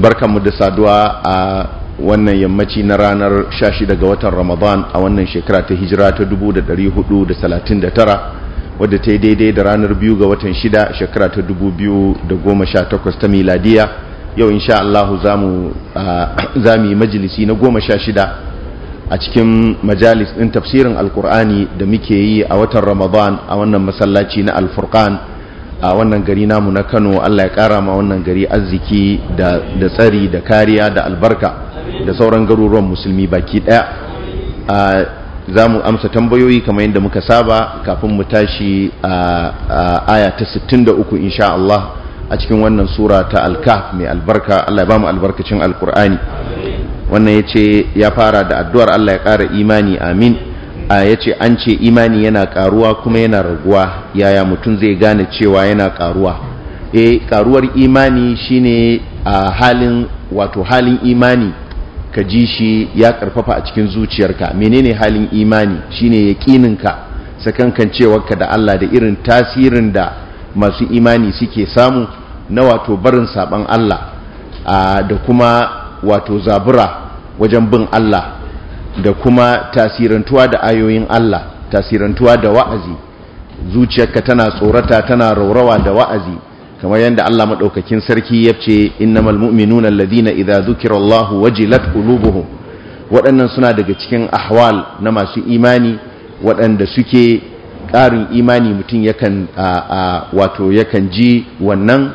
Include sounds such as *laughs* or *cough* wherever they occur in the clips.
barkanmu da saduwa a wannan yammaci na ranar 16 ga watan ramadan a wannan shekara ta hijira ta 1439 wadda ta yi daidai da ranar biyu ga watan 6 shekara ta 2018 ta miladiya yau insha Allah *clears throat* za mu yi majalisi na 16 a cikin majalis ɗin tafsirin alkur'ani da muke yi a watan ramadan a wannan masallaci na alfurkan a wannan gari namu na kano allah ya kara ma wannan gari arziki da tsari da kariya da albarka da sauran garuruwan musulmi baki daya za mu amsa tambayoyi kamar yadda muka saba kafin mu tashi a aya ta 63 insha Allah a cikin wannan sura ta alkaf mai albarka Allah ya ba mu albarkacin alkur'ani wannan ya ce ya fara da addu'ar Allah ya ƙara imani amin ya ce an ce imani yana karuwa kuma yana raguwa yaya mutum zai gane cewa yana karuwa e eh, karuwar imani shine a halin wato halin imani ka ji shi ya karfafa a cikin zuciyarka menene halin imani shine yaqininka sakankan cewarka da Allah da irin tasirin da masu imani suke samu na wato barin saban Allah da kuma wato zabura wajen bin Allah da kuma tasirantuwa da ayoyin Allah tasirantuwa da wa'azi zuciyarka tana tsorata tana raurawa da wa'azi kamar yadda Allah madaukakin sarki ya ce innamal mu'minuna alladhina idza dhukirallahu wajilat qulubuhum waɗannan suna daga cikin ahwal na masu imani waɗanda suke ƙarin imani mutum yakan wato yakan ji wannan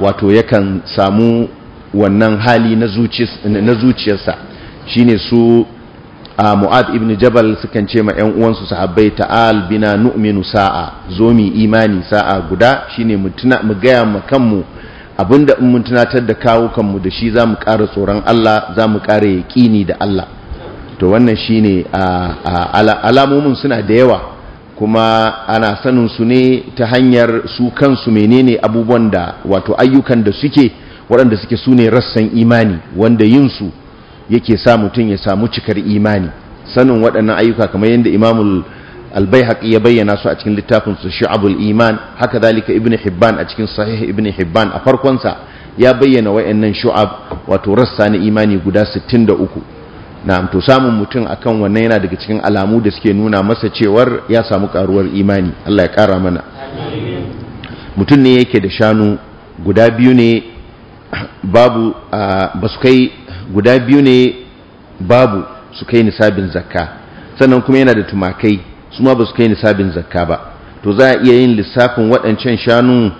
wato yakan samu wannan hali na zuciyarsa Shi ne su a mu'ad ibn jabal sukan ce ma yan uwansu sahabbai ta'al bina nu'minu sa'a zo mu imani sa'a guda shi ne mu gaya ma kanmu abinda in mun tunatar da kawo kanmu da shi za mu ƙara tsoron Allah za mu ƙara yaƙini da Allah to wannan shi ne alamomin suna da yawa kuma ana sanin su ne ta hanyar su kansu menene abubuwan da wato ayyukan da suke waɗanda suke su ne rassan imani wanda yin su yake sa mutum ya samu cikar imani sanin waɗannan ayyuka kamar yadda imamul albayhaqi ya bayyana su a cikin littafin su shu'abul iman haka zalika ibn hibban a cikin sahih ibn hibban a farkon sa ya bayyana wayannan shu'ab wato rassa na imani guda 63 na'am to samun mutum akan wannan yana daga cikin alamu da suke nuna masa cewar ya samu karuwar imani Allah ya kara mana mutum ne yake da shanu guda biyu ne babu ba su kai guda biyu ne babu su kai nisabin zakka sannan kuma yana da tumakai su ma ba su kai nisabin zakka ba to za a iya yin lissafin waɗancan shanu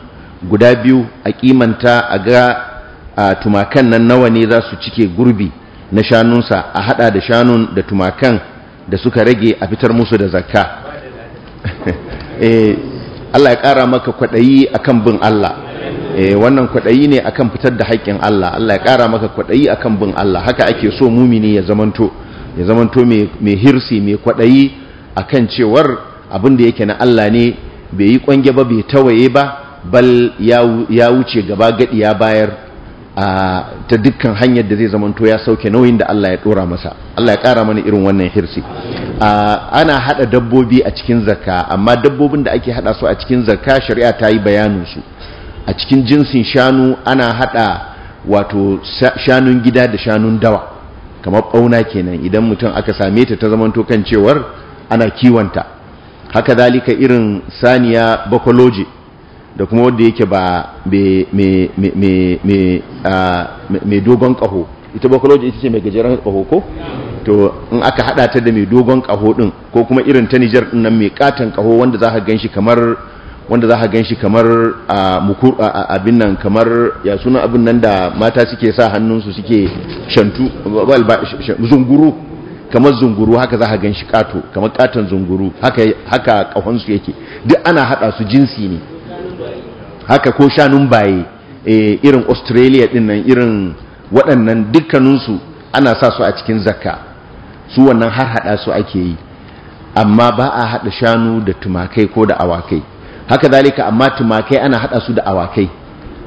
guda biyu a ƙimanta a ga a tumakan nan nawa ne za su cike gurbi na shanunsa a hada da shanun da tumakan da suka rage a fitar musu da zakka *laughs* eh, Allah ya ƙara maka kwaɗayi akan bin Allah Eh, wannan kwaɗayi ne akan fitar da haƙƙin Allah Allah ya ƙara maka kwaɗayi akan bin Allah haka ake so mumini ya zamanto ya zamanto mai hirsi mai kwaɗayi akan cewar abin da yake na Allah ne bai yi ƙwange ba bai tawaye ba bal ya wuce gaba gaɗi ya bayar ta dukkan hanyar da zai zamanto ya sauke nauyin da Allah ya ɗora masa Allah ya ƙara mana irin wannan hirsi ana haɗa dabbobi a cikin zakka amma dabbobin da ake haɗa su a cikin zakka shari'a ta yi su. a cikin jinsin shanu ana hada wato shanun gida da shanun dawa kamar ɓauna kenan idan mutum aka same ta ta zamanto kan cewar ana kiwanta haka zalika irin saniya bakoloji da kuma wanda yake ba mai dogon kaho ita bakoloji ita ce mai gajeren kaho ko to in aka hada ta da mai dogon kaho din ko kuma irin ta Nijar din nan mai katon kaho wanda za ka shi kamar wanda za ka gan shi kamar abin nan kamar ya suna abin nan da mata suke sa hannunsu suke shantu zunguru kamar zunguru haka za ka gan shi kato kamar katon zunguru haka kahonsu yake duk ana hada su jinsi ne haka ko shanun baye eh, irin australia din nan irin waɗannan dukkaninsu ana sa su a cikin zakka su wannan har hada su ake yi amma ba a hada shanu da tumakai ko da awakai haka zalika amma tumakai ana hada su da awakai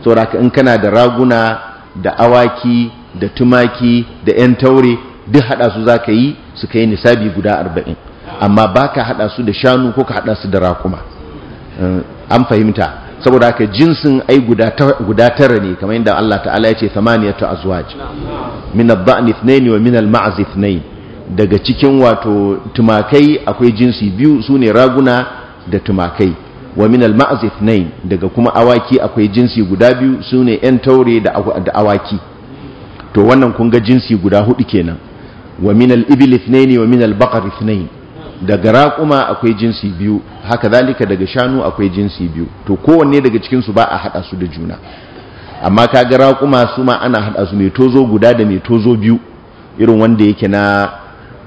saboda in kana da raguna da awaki da tumaki da yan taure duk hada su zaka yi su kai nisabi guda arba'in amma baka hada su da shanu ko ka hada su da rakuma eh, an fahimta saboda haka jinsin ai guda tara ne kamar yadda Allah ta'ala ya ce samaniyatu azwaj min ad-da'n ithnayn wa min al-ma'z ithnayn daga cikin wato tumakai akwai jinsi biyu sune raguna da tumakai wa min al daga kuma awaki akwai jinsi guda biyu sune yan taure da awaki to wannan kun ga jinsi guda hudu kenan wa min al ibl ithnain wa min al-baqar ithnain daga raquma akwai jinsi biyu haka zalika daga shanu akwai jinsi biyu to kowanne daga cikin su ba a hada su da juna amma kaga raquma su ma ana hada su mai tozo guda da mai tozo biyu irin wanda yake na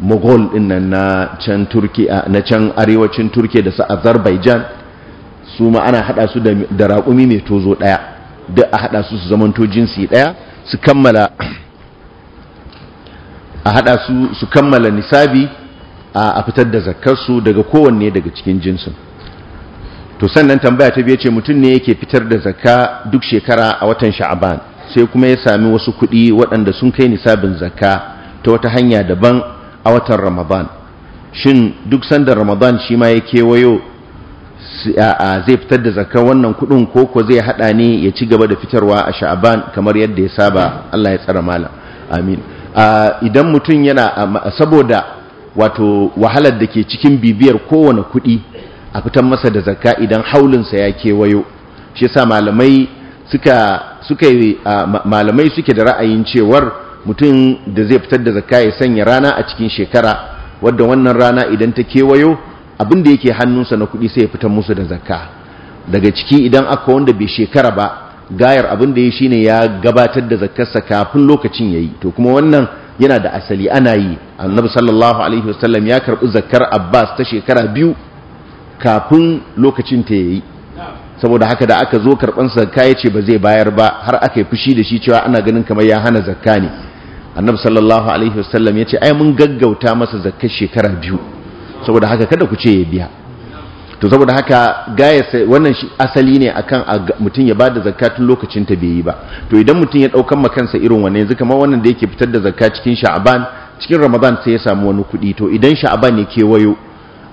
mogol din nan na can turki na can arewacin turki da su azerbaijan su ma ana hada su da raƙumi mai tozo ɗaya duk a hada su su zamanto jinsi ɗaya su kammala a hada su su kammala nisabi a fitar da zakkarsu daga kowanne daga cikin jinsin to sannan tambaya ta biya ce mutum ne yake fitar da zakka duk shekara a watan sha'aban sai kuma ya sami wasu kuɗi waɗanda sun kai nisabin zakka ta wata hanya daban a watan ramadan shin duk sandar ramadan shi ma ya kewayo zai fitar da zakar wannan kudin ko ko zai hada ne ya ci gaba da fitarwa a sha'aban kamar yadda ya saba Allah ya tsara malam amin idan mutum yana saboda wato wahalar da ke cikin bibiyar kowane kudi a fitar masa da zakka idan haulinsa ya kewayo shi yasa malamai malamai suke da ra'ayin cewar mutum da zai fitar da zakka ya sanya rana a cikin shekara wadda wannan rana idan ta kewayo abin da yake hannunsa na kuɗi sai ya fitar musu da zakka daga ciki idan aka wanda bai shekara ba gayar abin da ya shi ne ya gabatar da zakkarsa kafin lokacin ya yi to kuma wannan yana da asali ana yi annabi sallallahu alaihi wasallam ya karɓi zakkar abbas ta shekara biyu kafin lokacin ta ya yi saboda haka da aka zo sa zakka ya ce ba zai bayar ba har aka yi fushi da shi cewa ana ganin kamar ya hana zakka ne annabi sallallahu alaihi wasallam ya ce ai mun gaggauta masa zakkar shekara biyu saboda haka kada ku ce ya biya to saboda haka gaya wannan shi asali ne akan mutum ya bada zakka tun lokacin ta bai yi ba to idan mutum ya daukan kansa irin wannan yanzu kamar wannan da yake fitar da zakka cikin sha'aban cikin ramadan sai ya samu wani kuɗi to idan sha'aban ya kewayo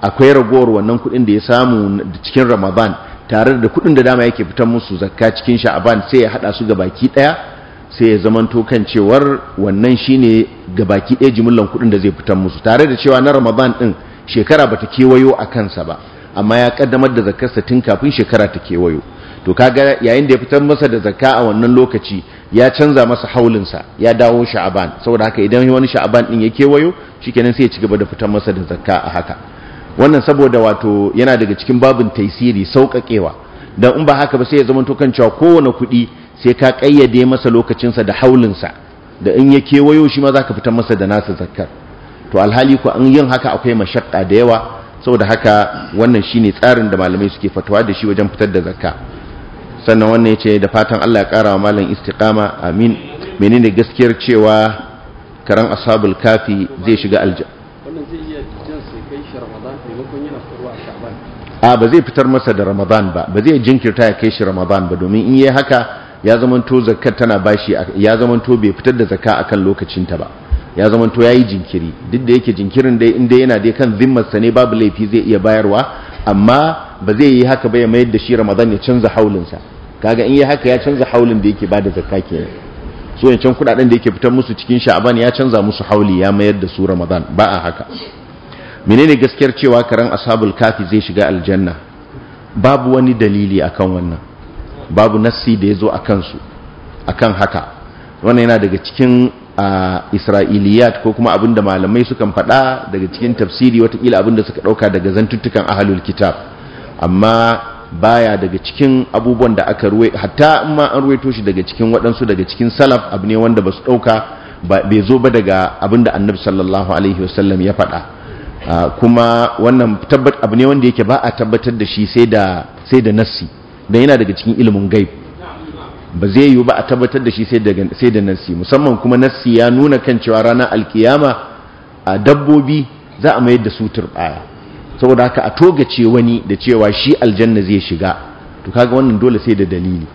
akwai ragowar wannan kuɗin da ya samu cikin ramadan tare da kuɗin da dama yake fitar musu zakka cikin sha'aban sai ya hada su baki daya sai ya zamanto kan cewar wannan shine baki daya jimillan kuɗin da zai fitar musu tare da cewa na ramadan din shekara bata kewayo a kansa ba amma ya kaddamar da zakarsa tun kafin shekara ta kewayo to kaga yayin da ya fitar masa da zakka a wannan lokaci ya canza masa haulinsa ya dawo sha'aban saboda haka idan wani sha'aban din ya kewayo shikenan sai ya cigaba da fitar masa da zakka a haka wannan saboda wato yana daga cikin babin taisiri sauƙaƙewa dan in ba haka ba sai ya zama to kan cewa kowane kuɗi sai ka kayyade masa lokacinsa da haulinsa da in ya kewayo shi ma zaka fitar masa da nasa zakkar to alhali ku an yin haka akwai mashakka da yawa saboda haka wannan shine tsarin da malamai suke fatawa da shi wajen fitar da zakka sannan wannan ce da fatan Allah ya kara wa malam istiqama amin menene gaskiyar cewa karan ashabul kafi zai shiga alja a ba zai fitar masa da ramadan ba ba zai jinkirta ya kai shi ramadan ba domin in yi haka ya zamanto tana bashi ya zamanto bai fitar da zakka akan lokacinta ba ya zamanto yayi jinkiri duk da yake jinkirin dai inda yana dai kan zimmarsa ne babu laifi zai iya bayarwa amma ba zai yi haka ba ya mayar da shi Ramadan ya canza haulinsa kaga in yi haka ya canza haulin da yake da zakka ne. so can kudaden da yake fitar musu cikin Sha'aban ya canza musu hauli ya mayar da su Ramadan ba a haka menene gaskiyar cewa karan ashabul kafi zai shiga aljanna babu wani dalili akan wannan babu nassi da yazo akan su akan haka wannan yana daga cikin a isra'iliyat ko kuma abinda malamai sukan faɗa daga cikin tafsiri watakila abin da suka ɗauka daga zantuttukan ahalul kitab amma baya daga cikin abubuwan da aka ruwe hatta ma an ruwaito shi daga cikin waɗansu daga cikin salaf abu ne wanda ba su ɗauka bai zo ba daga abinda annabi sallallahu alaihi wasallam ya faɗa kuma wannan tabbat abu ne wanda yake ba a tabbatar da shi sai da sai da nassi dan yana daga cikin ilimin gaib ba zai yiwu ba a tabbatar da shi sai da nassi musamman kuma nassi ya nuna kan cewa ranar alkiyama a dabbobi za a mayar da su turbaya saboda haka a togace wani da cewa shi aljanna zai shiga to kaga wannan dole sai da dalili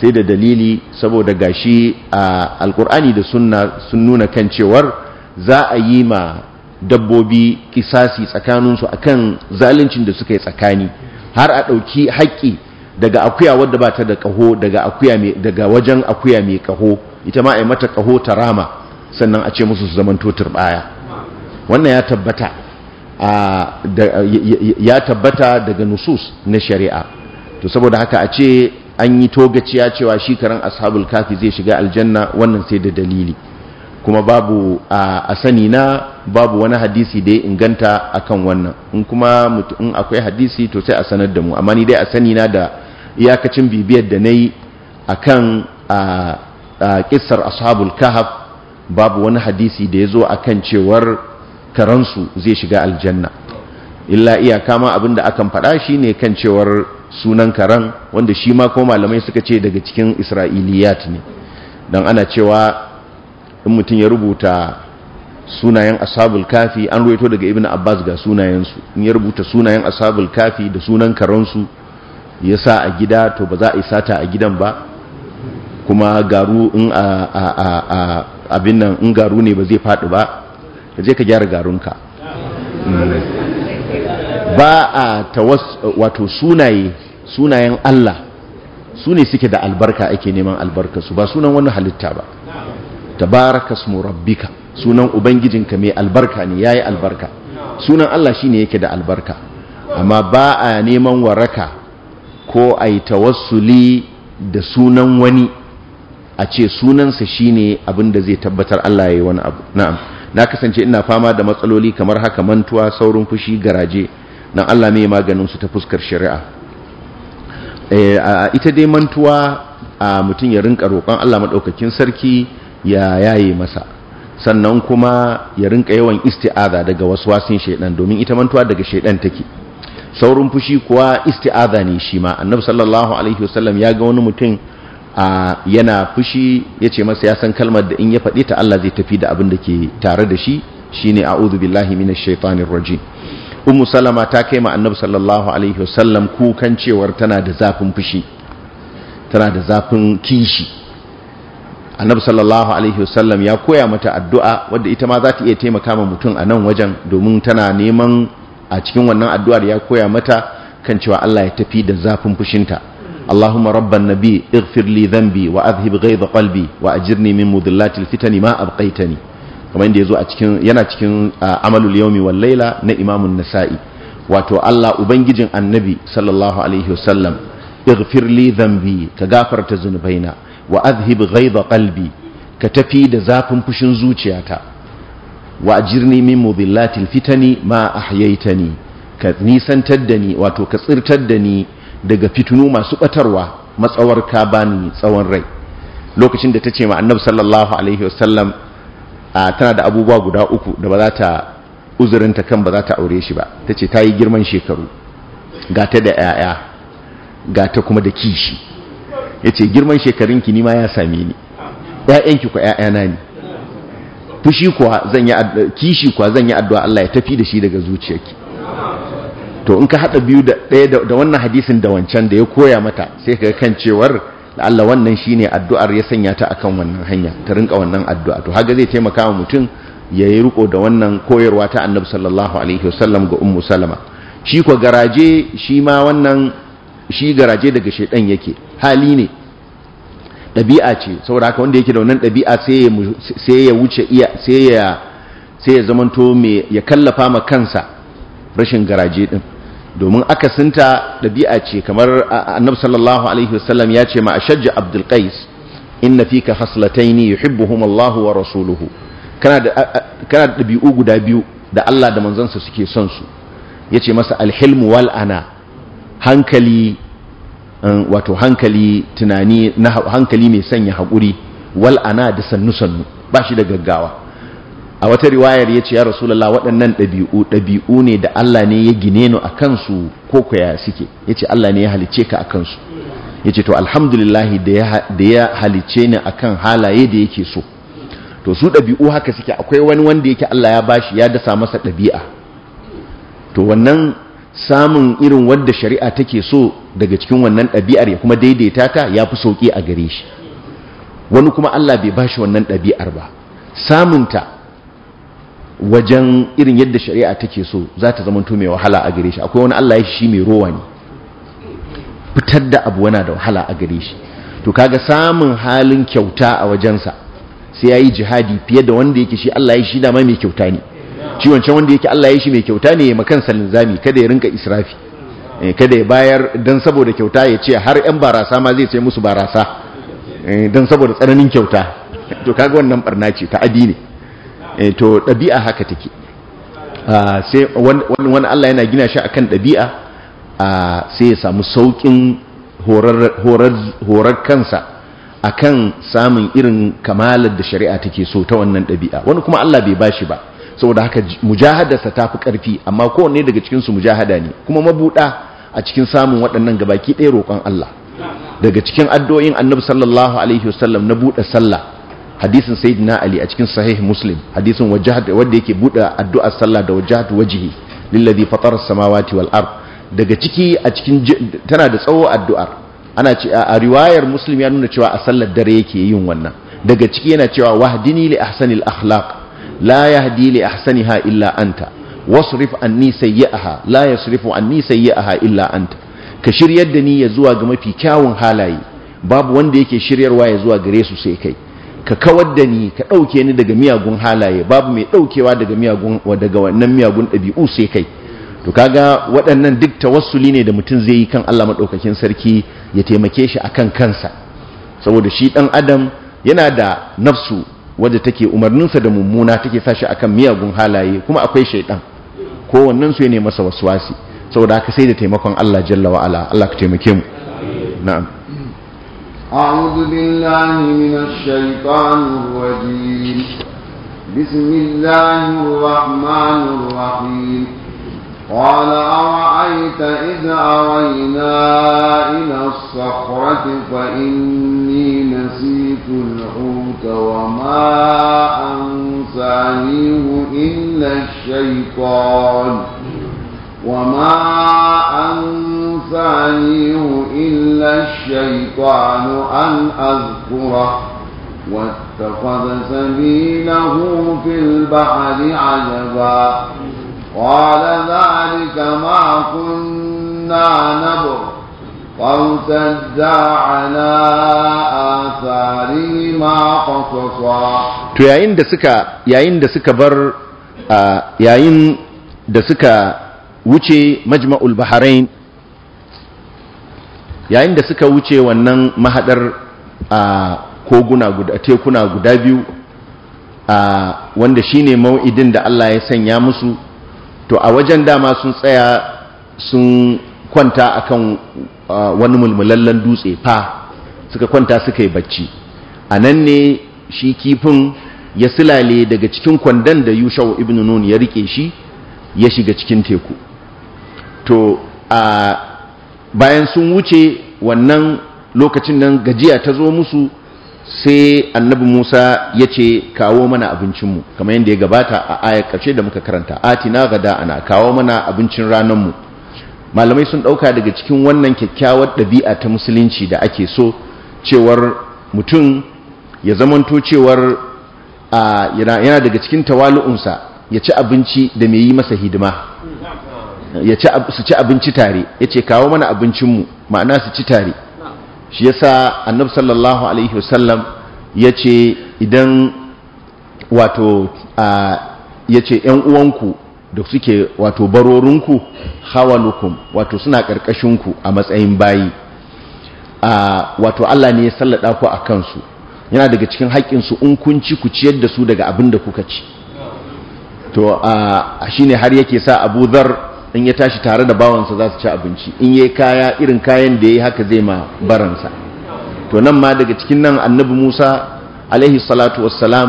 sai da dalili saboda gashi a alkur'ani da sunna sun nuna kan cewar za a yi ma dabbobi kisasi tsakaninsu akan zaluncin da suka yi tsakani har a ɗauki haƙƙi daga akuya wadda ba ta da kaho daga akuya mai daga wajen akuya mai kaho ita ma ai mata kaho ta rama sannan a ce musu su zamanto baya wannan ya tabbata daga nusus na shari'a to saboda haka a ce an yi togaciya cewa shi karan ashabul kafi zai shiga aljanna wannan sai da dalili kuma babu a sani na babu wani hadisi da ya inganta akan wannan in kuma in akwai hadisi to sai a sanar da mu amma ni dai a sani na da iyakacin bibiyar da na yi a kan ƙisar ashabul kahaf babu wani hadisi da ya zo a kan cewar karansu zai shiga aljanna illa iyaka ma da akan faɗa shi ne kan cewar sunan karan wanda shi ma ko malamai suka ce daga cikin isra'iliyat ne don ana cewa in mutum ya rubuta sunayen ashabul kafi an ruwaito daga ibn abbas ga sunayensu in ya rubuta sunayen ashabul kafi da sunan karansu ya sa a gida to ba za a yi sata a gidan ba kuma garu in a abin nan in garu ne ba zai faɗi ba ka je ka gyara garunka mm. ba a wato sunaye sunayen Allah su ne suke da albarka ake neman albarkarsu ba sunan wani halitta ba tabaraka smu rabbika sunan ubangijinka mai albarka ne yayi albarka sunan Allah shi shine yake da albarka amma ba a neman waraka ko a yi tawassuli da sunan wani a ce sunansa shine abin da zai tabbatar Allah ya yi wani abu na'am na kasance ina fama da matsaloli kamar haka mantuwa saurin fushi garaje na Allah mai maganin su ta fuskar shari'a eh, ita dai mantuwa a mutum ya rinka roƙon Allah maɗaukakin sarki ya yaye masa sannan kuma ya rinka yawan isti'aza daga wasu wasin shaidan domin ita mantuwa daga shaidan take saurin fushi kuwa isti'aza ne shi ma annabi sallallahu alaihi wasallam ya ga wani mutum a yana fushi ya ce masa ya san kalmar da in ya faɗi ta Allah zai tafi da abin da ke tare da shi shine a'udhu billahi minash shaitanir rajim ummu salama ta kai ma annabi sallallahu alaihi wasallam kukan cewar tana da zafin fushi tana da zafin kishi annabi sallallahu alaihi wasallam ya koya mata addu'a wadda ita ma za ta iya taimaka ma mutum a nan wajen domin tana neman a cikin wannan addu'ar ya koya mata kan cewa Allah ya tafi da zafin fushinta Allahumma rabban nabi ighfir li dhanbi wa adhhib ghaiza qalbi wa ajirni min fitani ma abqaitani kamar inda yazo a cikin yana cikin amalul yawmi wal layla na Imam an-Nasa'i wato Allah ubangijin annabi sallallahu alaihi wasallam ighfir li dhanbi ka gafarta zunubaina wa adhhib ghaiza qalbi ka tafi da zafin fushin zuciyata wa'jirni min mudillatil fitani ma ahyaitani ka nisantar da ni wato ka tsirtar da ni daga fitinu masu batarwa matsawar ka bani tsawon rai lokacin da ta ce ma annabi sallallahu alaihi wasallam tana da abubuwa guda uku da ba za ta uzurinta kan ba za ta aure shi ba ta ce ta yi girman shekaru ga ta da 'ya'ya ga ta kuma da kishi ya ce girman shekarunki ni ma ya same ni 'ya'yanki ku 'ya'yana ne fushi kuwa zan yi kishi kuwa zan yi addu'a Allah ya tafi da shi daga zuciyarki to in ka hada biyu da ɗaya da wannan hadisin da wancan da ya koya mata sai ka kan cewar Allah wannan shine addu'ar ya sanya ta akan wannan hanya ta rinka wannan addu'a to haka zai taimaka wa mutum ya yi riko da wannan koyarwa ta Annabi sallallahu alaihi wasallam ga Ummu Salama shi ko garaje shi ma wannan shi garaje daga shedan yake hali ne ɗabi'a ce saboda haka wanda yake da wannan ɗabi'a sai ya wuce iya sai ya sai ya zamanto mai ya kallafa ma kansa rashin garaje ɗin. domin akasinta ɗabi'a ce kamar annabi sallallahu alaihi wasallam ya ce ma ashajja abdul qais inna fika haslataini yuhibbuhum Allah wa rasuluhu kana da kana da ɗabi'u guda biyu da Allah da manzansa suke son su yace masa alhilmu wal ana hankali wato hankali tunani na hankali mai sanya haƙuri wal ana da sannu sannu ba shi da gaggawa a wata riwayar ya ce ya rasulallah waɗannan ɗabi'u ɗabi'u ne da Allah ne ya gine ni a kansu ko kwaya suke ya ce Allah ne ya halice ka a kansu ya ce to alhamdulillahi da ya halice ni a kan halaye da yake so to su ɗabi'u haka suke akwai wani wanda yake Allah ya bashi ya dasa masa ɗabi'a to wannan samun irin wadda shari'a take so daga cikin wannan ɗabi'ar ya kuma daidaita ta ya fi sauƙi a gare shi wani kuma Allah bai ba shi wannan ɗabi'ar ba samunta wajen irin yadda shari'a take so za ta zama mai wahala a gare shi akwai wani Allah ya shi mai rowa ne fitar da abu wana da wahala a gare shi to kaga samun halin kyauta a wajensa sai ya yi jihadi fiye da wanda yake shi Allah ya shi dama mai kyauta ne ciwon can wanda yake Allah ya shi mai kyauta ne ma kansa linzami kada ya rinka israfi eh, kada ya bayar dan saboda kyauta ya ce har yan barasa ma zai sai musu barasa eh, dan saboda tsananin kyauta *laughs* to kaga wannan barna ce ta adi ne eh, to ɗabi'a haka take ah, sai wani Allah yana gina shi akan ɗabi'a ah, sai ya samu sauƙin horar kansa akan samun irin kamalar da shari'a take so ta wannan ɗabi'a wani kuma Allah bai bashi ba saboda haka mujahadarsa ta fi karfi amma kowanne daga cikinsu mujahada ne kuma mabuɗa a cikin samun waɗannan gabaki ɗaya roƙon Allah daga cikin addu'o'in annabi sallallahu alaihi wasallam na buɗe sallah hadisin sayyidina ali a cikin sahih muslim hadisin wajhat wanda yake buɗe addu'ar sallah da wajhat wajhi lillazi fatara samawati wal ard daga ciki a cikin tana da tsawo addu'ar ana ce a riwayar muslim ya nuna cewa a sallar dare yake yin wannan daga ciki yana cewa wahdini li ahsanil akhlaq la yahdi li ahsaniha illa anta wasrif anni sayyi'aha la yasrifu anni sayyi'aha illa anta ka shiryar da ni ya zuwa ga mafi kyawun halaye babu wanda yake shiryarwa ya zuwa gare su sai kai ka kawar da ni ka ɗauke ni daga miyagun halaye babu mai ɗaukewa daga miyagun wannan miyagun ɗabi'u sai kai to ka ga waɗannan duk tawassuli ne da mutum zai yi kan Allah maɗaukakin sarki ya taimake shi akan kansa saboda shi ɗan adam yana da nafsu wadda take umarninsa da mummuna take sashi akan miyagun halaye kuma akwai shaidan kowannen su ne masa wasu waswasi saboda aka sai da taimakon Allah jalla wa ala Allah ka taimake mu na'am a'udhu billahi minash shaitanir rajim bismillahir rahmanir قال أرأيت إذ أوينا إلى الصخرة فإني نسيت الحوت وما أنسانيه إلا الشيطان وما أنسانيه إلا الشيطان أن أذكره واتخذ سبيله في البحر عجبا قال ذلك ما كنا نبر فارتدا على آثارهما قصصا تو يعين da suka yayin da suka bar yayin da suka wuce majma'ul bahrain yayin da suka wuce wannan mahadar a koguna guda tekuna guda biyu a wanda shine mau'idin da Allah ya sanya musu to a wajen dama sun tsaya sun kwanta a kan uh, wani mulmulallen dutse fa suka kwanta suka yi bacci a nan ne shi kifin ya silale daga cikin kwandon da yushau ibn nun ya rike shi ya shiga cikin teku to a uh, bayan sun wuce wannan lokacin nan gajiya ta zo musu sai annabi Musa ya ce kawo mana abincinmu kamar yadda ya gabata a ayar karshe da muka karanta atina gada ana kawo mana abincin ranarmu malamai sun ɗauka daga cikin wannan kyakkyawar ɗabi'a ta musulunci da ake so cewar mutum ya zamanto cewar yana daga cikin tawalu'unsa ya ci abinci da mai yi masa hidima su ci abinci tare ya ce kawo mana abincinmu ma'ana su ci tare shi yasa annabi sallallahu alaihi wasallam yace idan wato yace yan uwanku da suke wato barorinku hawalukum wato suna karkashinku a matsayin bayi wato Allah ne ya sallada ku a kansu yana daga cikin haƙƙinsu in kun ci ku ciyar da su daga abin da kuka ci to a shine har yake sa Abu Dharr in ya tashi tare da bawansa za su ci abinci in yi kaya irin kayan da ya yi haka zai ma baransa to nan ma daga cikin nan annabi musa alaihi salatu wassalam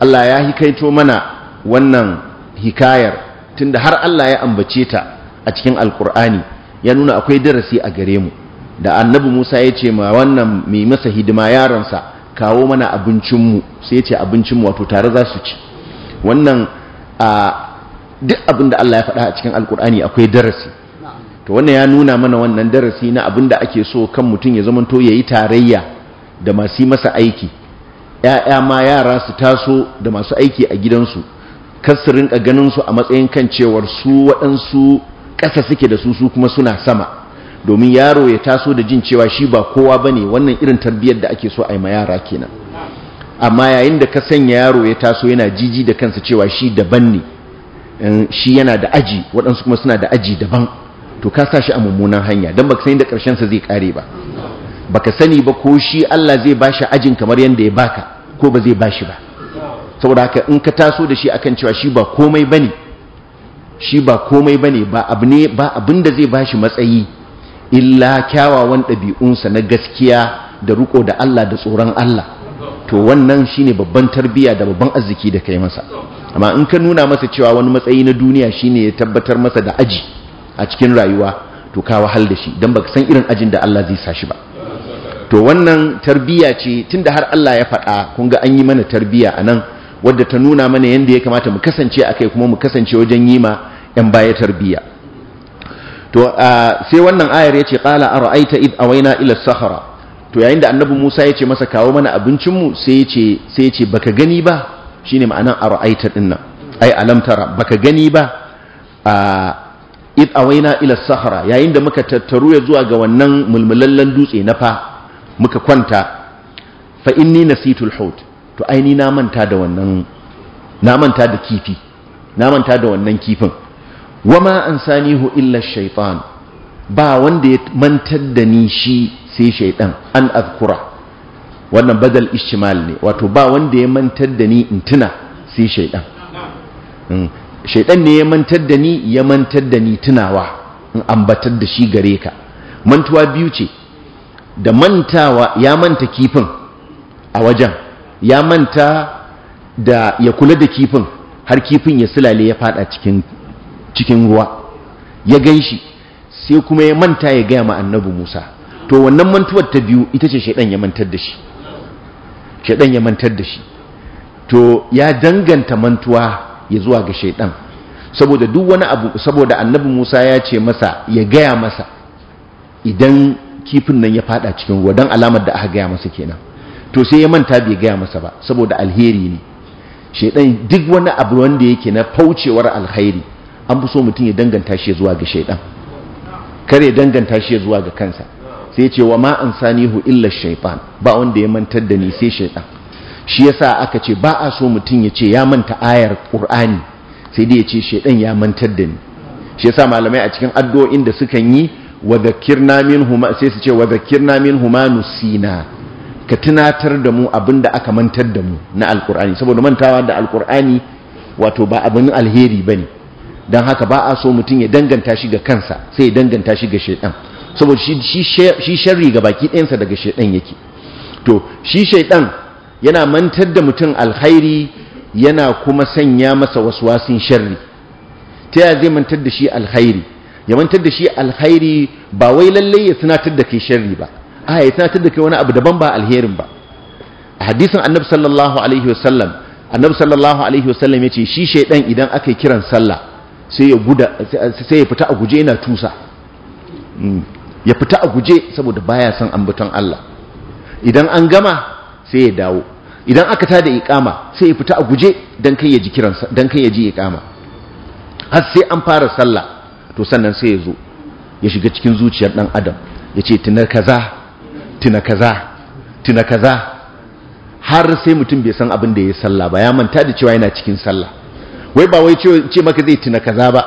allah ya hikaito mana wannan hikayar tunda har allah ya ambace ta a cikin alkur'ani ya nuna akwai darasi a gare mu da annabi musa ya ce ma wannan mai masa hidima yaransa kawo mana abincinmu sai ya ce abincinmu wato tare za su ci wannan a duk abin da Allah ya faɗa a cikin alkur'ani akwai darasi to wannan ya nuna mana wannan darasi na abin da ake so kan mutum ya zama to ya yi tarayya da masu masa aiki ‘ya'ya ma yara su taso da masu aiki a gidansu kasirin ganin su a matsayin kan cewar su waɗansu ƙasa suke da su su kuma suna sama domin yaro ya taso da jin cewa shi ba kowa ba ne wannan irin tarbiyyar da ake so a yi ma yara kenan amma yayin da ka sanya yaro ya taso yana jiji da kansa cewa shi daban ne shi yana da aji waɗansu kuma suna da aji daban to ka sa shi a mummunan hanya don baka san da ƙarshen sa zai ƙare ba baka sani ba ko shi Allah zai ba bashi ajin kamar yadda ya baka ko ba zai ba shi ba saboda haka in ka taso da shi akan cewa shi ba komai ne shi ba komai ne ba abu ne ba da zai bashi matsayi illa kyawawan ɗabi'unsa na gaskiya da riko da Allah da tsoron Allah to wannan shine babban tarbiyya da babban arziki da kai masa amma in ka nuna masa cewa wani matsayi na duniya shi ne ya tabbatar masa da aji a cikin rayuwa to ka wahal da shi don baka san irin ajin da Allah zai sa shi ba to wannan tarbiyya ce tun da har Allah ya faɗa kun ga an yi mana tarbiyya a nan wadda ta nuna mana yadda ya kamata mu kasance a akai kuma mu kasance wajen yi ma yan baya tarbiya to sai wannan ayar yace a ra'aita id waina ila sahara to yayin da annabi Musa ya ce masa kawo mana abincinmu sai yace ce baka gani ba Shi shine ma'anan ra'aita ɗinnan. ai alamtara baka gani ba a id waina ila sahara yayin da muka tattaru ya zuwa ga wannan mulmulallen dutse na fa muka kwanta fa inni nasitul hut to ni na manta da wannan na manta da kifi na manta da wannan kifin wama ansanihu illa shaytan ba wanda ya mantar da ni shi sai shaidan an azkura wannan badal ishtimal ne wato ba wanda ya mantar da ni in tuna sai shaidan mm. shaidan ne ya mantar da ni ya mantar da ni tunawa in ambatar da shi gare ka mantuwa biyu ce da mantawa ya manta kifin a wajen ya manta da ya kula da kifin har kifin ya silale ya fada cikin cikin ruwa ya ganshi sai kuma ya manta ya gaya ma annabi Musa to wannan mantuwar ta biyu ita ce shaidan ya mantar da shi shaidan ya mantar da shi to ya danganta mantuwa ya zuwa ga shaidan saboda duk wani abu saboda annabi Musa ya ce masa ya gaya masa idan kifin nan ya fada cikin ruwa don alamar da aka gaya masa kenan to sai ya manta bai gaya masa ba saboda alheri ne shaidan duk wani abu wanda yake na faucewar alheri an fi so mutum ya danganta shi zuwa ga shaidan kar ya danganta shi ya zuwa ga kansa sai ce wa ma'an sanihu illa shaifan ba wanda ya mantar da ni sai shaiɗan shi yasa aka ce ba a so mutum ya ce ya manta ayar ƙur'ani sai dai ya ce shaifan ya mantar da ni shi yasa malamai a cikin addu'o'in da sukan yi wa dhakkirna huma sai su ce wa dhakkirna minhuma nusina ka tunatar da mu abin da aka mantar da mu na al'kur'ani saboda mantawa da al'kur'ani wato ba abin alheri ne don haka ba a so mutum ya danganta shi ga kansa sai ya danganta shi ga shaitan saboda shi sharri ga baki ɗayansa daga shaidan yake to shi shaiɗan yana mantar da mutum alkhairi yana kuma sanya masa wasin sharri ta yaya zai mantar da shi alkhairi ya mantar da shi alkhairi ba wai lallai ya tunatar da kai sharri ba a ya tunatar da kai wani abu daban ba alherin ba a hadisin annabi sallallahu alaihi wasallam annabi sallallahu alaihi wasallam yace shi shaidan idan aka kiran sallah sai ya sai ya fita a guje yana tusa hmm. ya fita a guje saboda baya son ambaton Allah idan an gama sai ya dawo idan aka ta da ikama sai ya fita a guje dan kai ya ji ya ji ikama har sai an fara sallah to sannan sai ya zo ya shiga cikin zuciyar dan adam ya ce tuna kaza tuna kaza tuna kaza har sai mutum bai san abin da ya sallah ba ya manta da cewa yana cikin sallah wai ba wai ce maka zai tuna kaza ba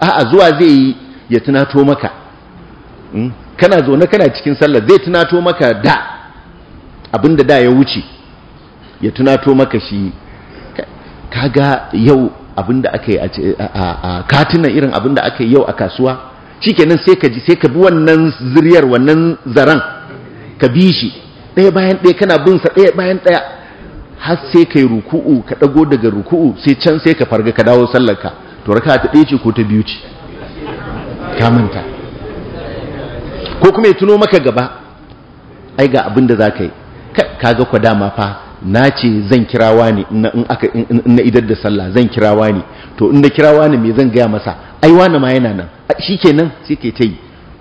a'a zuwa zai yi ya tunato maka Hmm? kana zaune kana cikin sallar zai tunato maka da abinda da ya wuce ya tunato maka shi kaga yau abinda aka yi a katinan irin abinda aka yi yau a kasuwa shikenan sai ka ji sai ka bi wannan ziryar wannan zaren ka bi shi ɗaya bayan ɗaya kana bin sa ɗaya bayan ɗaya har sai kai ruku'u ka ɗago daga ruku'u sai can sai ka farga ka dawo sallar ka to raka ta ɗaya ce ko ta biyu ce ka manta ko kuma ya tuno maka gaba ai ga abin da za ka yi kaga kwa dama fa na ce zan kirawa ne na idar da sallah zan kirawa ne to in kirawa ne mai zan gaya masa ai wani ma yana nan shi ke nan sai ke ta yi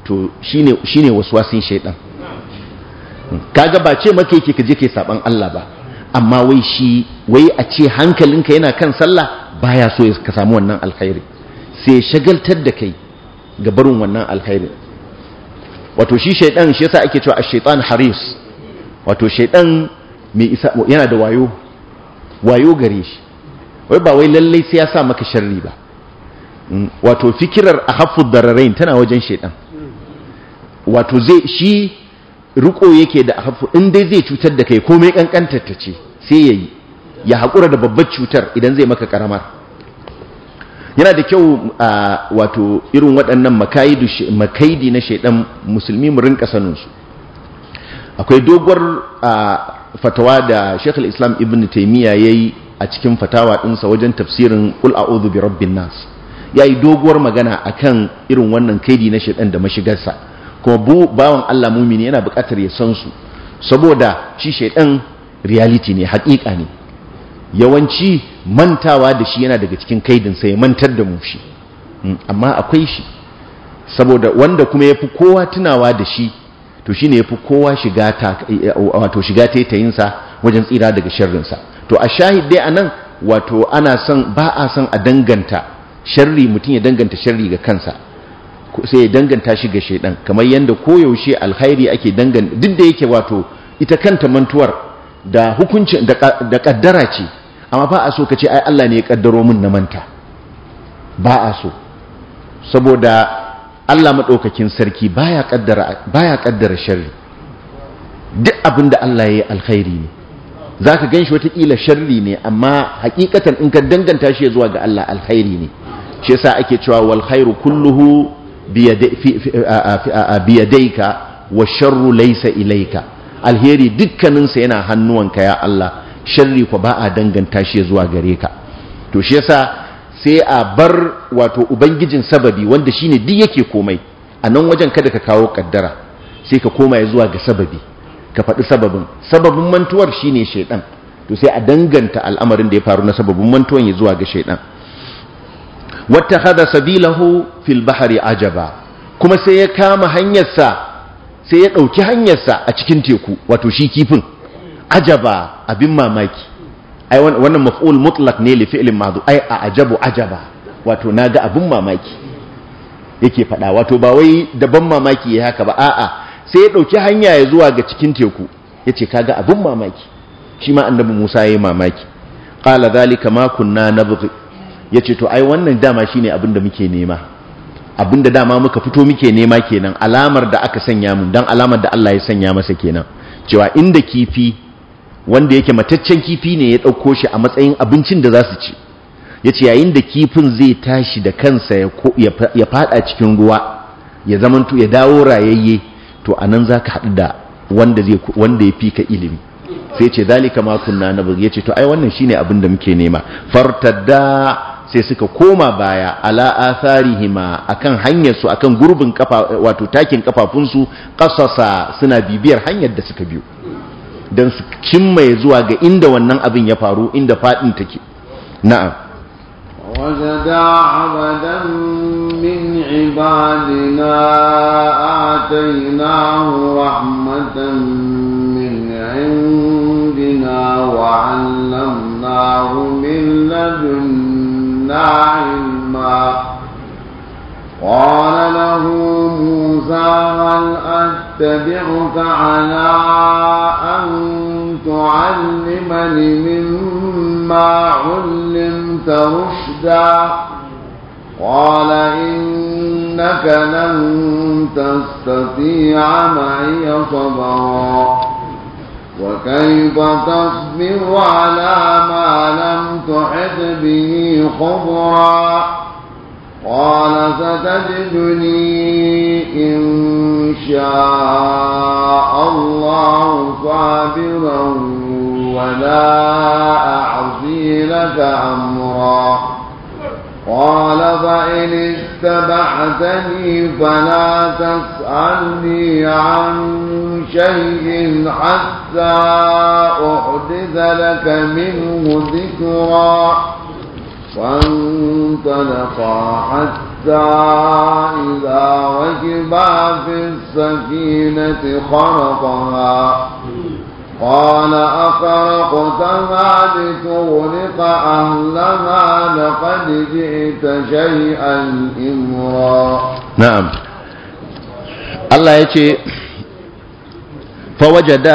to shi ne wasu wasin shaidan hmm. kaga ba ce maka yake ka je ke saban Allah ba amma wai shi wai a ce hankalinka yana kan sallah baya so ka samu wannan alkhairi sai shagaltar da kai ga barin wannan alkhairi wato shi shaidan shi yasa ake cewa ash-shaytan haris wato shaidan mai isa yana da wayo wayo gare shi wai ba wai lalle sai ya sa maka sharri ba mm, wato fikirar ahaffu dararain tana wajen shaidan wato zai shi riko yake da ahaffu in dai zai cutar da kai komai kankantar ta ce sai yayi ya haƙura da babbar cutar idan zai maka karamar yana da kyau a wato irin waɗannan makaidi na shaidan musulmi mu rinka saninsu akwai doguwar fatawa da sheikh islam ibn taimiyya ya yi a cikin fatawa ɗinsa wajen tafsirin ƙul a'udhu bi rabbin nas ya yi doguwar magana a kan irin wannan kaidi na shaidan da mashigarsa kuma bawan allah mumini yana buƙatar ya san su saboda shi shaidan reality ne haƙiƙa ne yawanci mantawa da shi yana daga cikin kaidin sai mantar da mu shi mm, amma akwai shi saboda wanda kuma ya fi kowa tunawa da shi to shine yafi kowa shiga ta eh, eh, wato shiga taitayinsa wajen tsira daga sharrinsa to a shahid a nan wato ana son ba a son a danganta sharri mutum ya danganta sharri ga kansa sai ya danganta shi ga shaidan kamar yadda koyaushe alkhairi ake danganta duk da yake wato ita kanta mantuwar da hukunci da kaddara ce amma ba a so ka ce ai Allah ne ya kaddaro min na manta ba a so saboda Allah madaukakin sarki baya kaddara baya kaddara sharri duk abin da Allah ya yi alkhairi ne zaka ganshi kila sharri ne amma hakikatan in ka danganta shi zuwa ga Allah alkhairi ne shi yasa ake cewa wal khairu kulluhu yadayka wa sharru laysa ilaika alheri dukkaninsa yana hannuwanka ya Allah sharri ko ba a danganta shi zuwa gare ka to shi yasa sai a bar wato ubangijin sababi wanda shine duk yake komai a nan wajen kada ka kawo kaddara sai ka koma ya zuwa ga sababi ka faɗi sababin sababin mantuwar shine shaidan to sai a danganta al'amarin da ya faru na sababin mantuwan ya zuwa ga shaidan wata hada sabilahu fil bahri ajaba kuma sai ya kama hanyarsa sai ya ɗauki hanyarsa a cikin teku wato shi kifin ajaba abin mamaki ai wannan maf'ul mutlaq ne li fi'lin mahdhu ai a ajabu ajaba wato naga abin mamaki yake fada wato ba wai daban mamaki ya haka ba a'a sai ya dauki hanya ya zuwa ga cikin teku yace kaga abin mamaki shi ma annabi Musa yayi mamaki qala zalika ma kunna nabghi yace to ai wannan dama shine abin da muke nema abin da dama muka fito muke nema kenan alamar da aka sanya mun dan alamar da Allah ya sanya masa kenan cewa inda kifi wanda yake mataccen kifi ne ya ɗauko shi a matsayin abincin da za su ci ya ce yayin da kifin zai tashi da kansa ya fada cikin ruwa ya zamanto ya dawo rayayye to a nan za ka haɗu da wanda ya fi ka ilimi sai ce zalika makon na nabar ya ce to ai wannan shi ne abin da muke nema fartadda sai suka koma baya ala atharihima akan hanyarsu akan gurbin kafa wato takin kafafunsu kasasa suna bibiyar hanyar da suka biyu don su cimma ya zuwa ga inda wannan abin ya faru inda fadin take na'am wajada abadan min ibadina atainahu rahmatan min indina wa 'allamnahu min ladunna ilma qala lahu musa hal attabi'uka 'ala علمني مما علمت رشدا قال إنك لن تستطيع معي صبرا وكيف تصبر على ما لم تحط به خبرا قال ستجدني إن شاء الله صابرا ولا أعصي لك أمرا قال فإن اتبعتني فلا تسألني عن شيء حتى أحدث لك منه ذكرا فانطلقا حتى إذا ركبا في السكينة خرقها قال أفرقتها لتغرق أهلها لقد جئت شيئا إمرا نعم الله يتي فوجد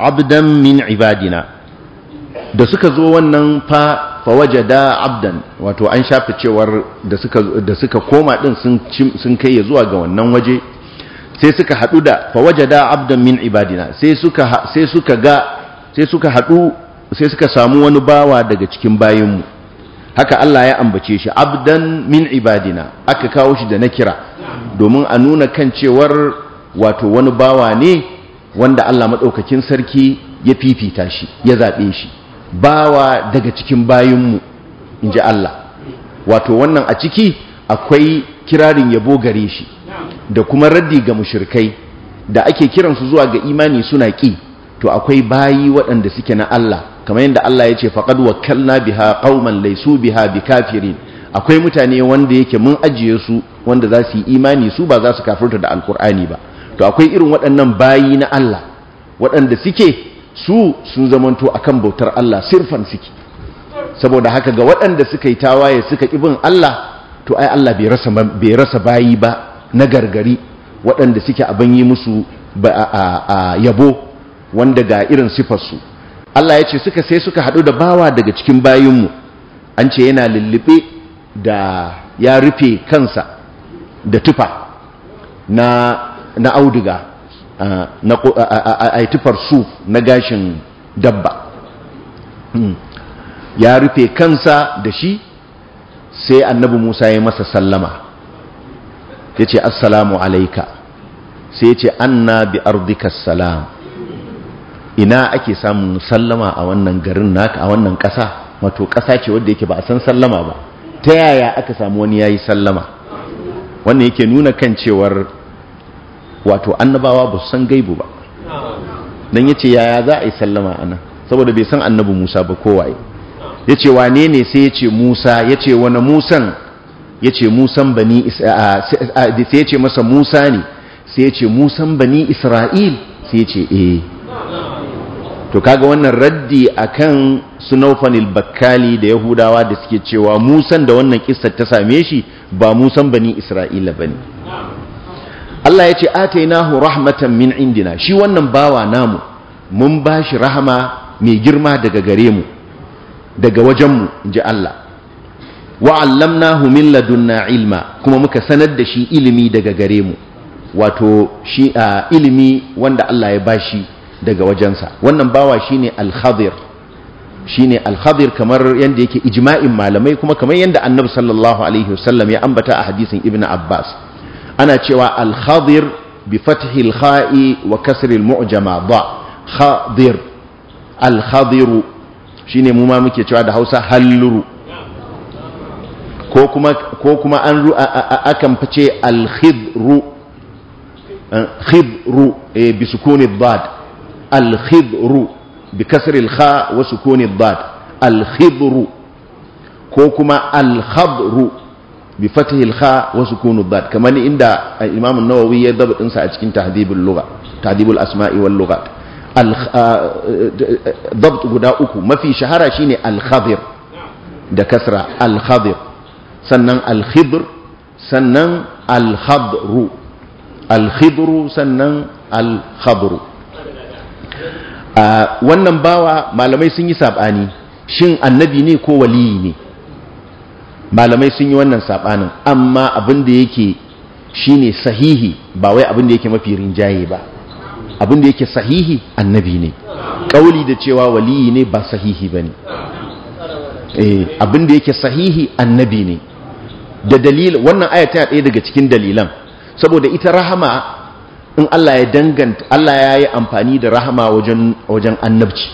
عبدا من عبادنا da suka zo wannan fa fawajada abdan wato an shafe cewar da suka koma din sun kai ya zuwa ga wannan waje sai suka haɗu da fawajada abdan min ibadina sai suka sai suka ga sai suka haɗu sai suka samu wani bawa daga cikin bayinmu haka Allah ya ambace shi abdan min ibadina aka kawo shi da nakira domin a nuna kan cewar wato wani bawa ne wanda Allah madaukakin sarki ya fifita shi ya zabe shi bawa daga cikin bayinmu inji Allah wato wannan a ciki akwai kirarin yabo gare shi da kuma raddi ga mushrikai da ake kiransu zuwa ga imani suna ƙi to akwai bayi waɗanda suke na Allah kamar yadda Allah ya ce faqad wakkalna biha qauman laysu biha bikafirin akwai mutane wanda yake mun ajiye su wanda za su yi imani su ba za su kafirta da alkur'ani ba to akwai irin waɗannan bayi na Allah waɗanda suke su sun zamanto kan bautar Allah sirfan suke saboda haka ga waɗanda suka yi tawaye suka ƙi bin Allah to ai Allah bai rasa bayi ba na gargari waɗanda suke abin yi musu yabo wanda ga irin sifarsu Allah ya ce suka sai suka haɗu da bawa daga cikin bayinmu an ce yana lullube da ya rufe kansa da tufa na auduga a tufar su na gashin dabba hmm. ya rufe kansa da shi sai annabi musa ya masa sallama ya ce assalamu alaika sai ya ce anna bi ardikas salam ina ake samun sallama a wannan garin naka a wannan ƙasa wato ƙasa ce wadda yake ba a san sallama ba ta yaya aka samu wani yayi sallama wannan yake nuna kan cewar wato annabawa ba su san gaibu ba dan yace yaya za a yi sallama anan saboda bai san annabi Musa ba kowaye yace wane ne sai yace Musa yace wani Musan ya ce musan bani sai ya ce masa musa ne sai ya ce musan bani isra'il sai ya ce eh to kaga wannan raddi akan sunofanil bakkali da yahudawa da suke cewa musan da wannan kissar ta same shi ba musan bani isra'ila ne. Allah ya ce atainahu rahmatan min indina shi wannan bawa namu mun bashi rahama mai girma daga gare mu daga wajenmu ji Allah wa allamnahu min ladunna ilma kuma muka sanar da shi ilimi daga gare mu wato shi ilimi wanda Allah ya bashi daga wajensa wannan bawa shine al-khadir shine al-khadir kamar yanda yake ijma'in malamai kuma kamar yanda annabi sallallahu alaihi wasallam ya ambata a hadisin ibnu abbas ana cewa al-khadir bi fathi al-kha'i wa kasri al-mu'jama ba khadir al-khadir shine mu ma muke cewa da Hausa halluru ko kuma ko kuma an akan fice al-khidru eh, khidru eh, bi sukuni dad al-khidru bi kasri al-kha wa sukuni dad al-khidru ko kuma al-khadru bi fathi al-kha wa sukuni dad kamar inda imam an-nawawi ya dabin sa a cikin tahdhibul lugha tahdhibul asma'i wal lughat eh, dabt guda uku mafi shahara shine al-khadir da kasra al-khadir sannan alhidr sannan alhabru alhidru sannan alhabru wannan bawa malamai sun yi saɓani shin annabi ne ko waliyi ne malamai sun yi wannan saɓanin amma abin da yake shine sahihi ba wai abin yake mafi rinjaye ba abin yake sahihi annabi ne ƙauli da cewa waliyi ne ba sahihi ba ne eh, abin yake sahihi annabi ne da dalil wannan aya tana ɗaya daga cikin dalilan saboda ita rahama in Allah ya danganta Allah ya yi amfani da rahama wajen annabci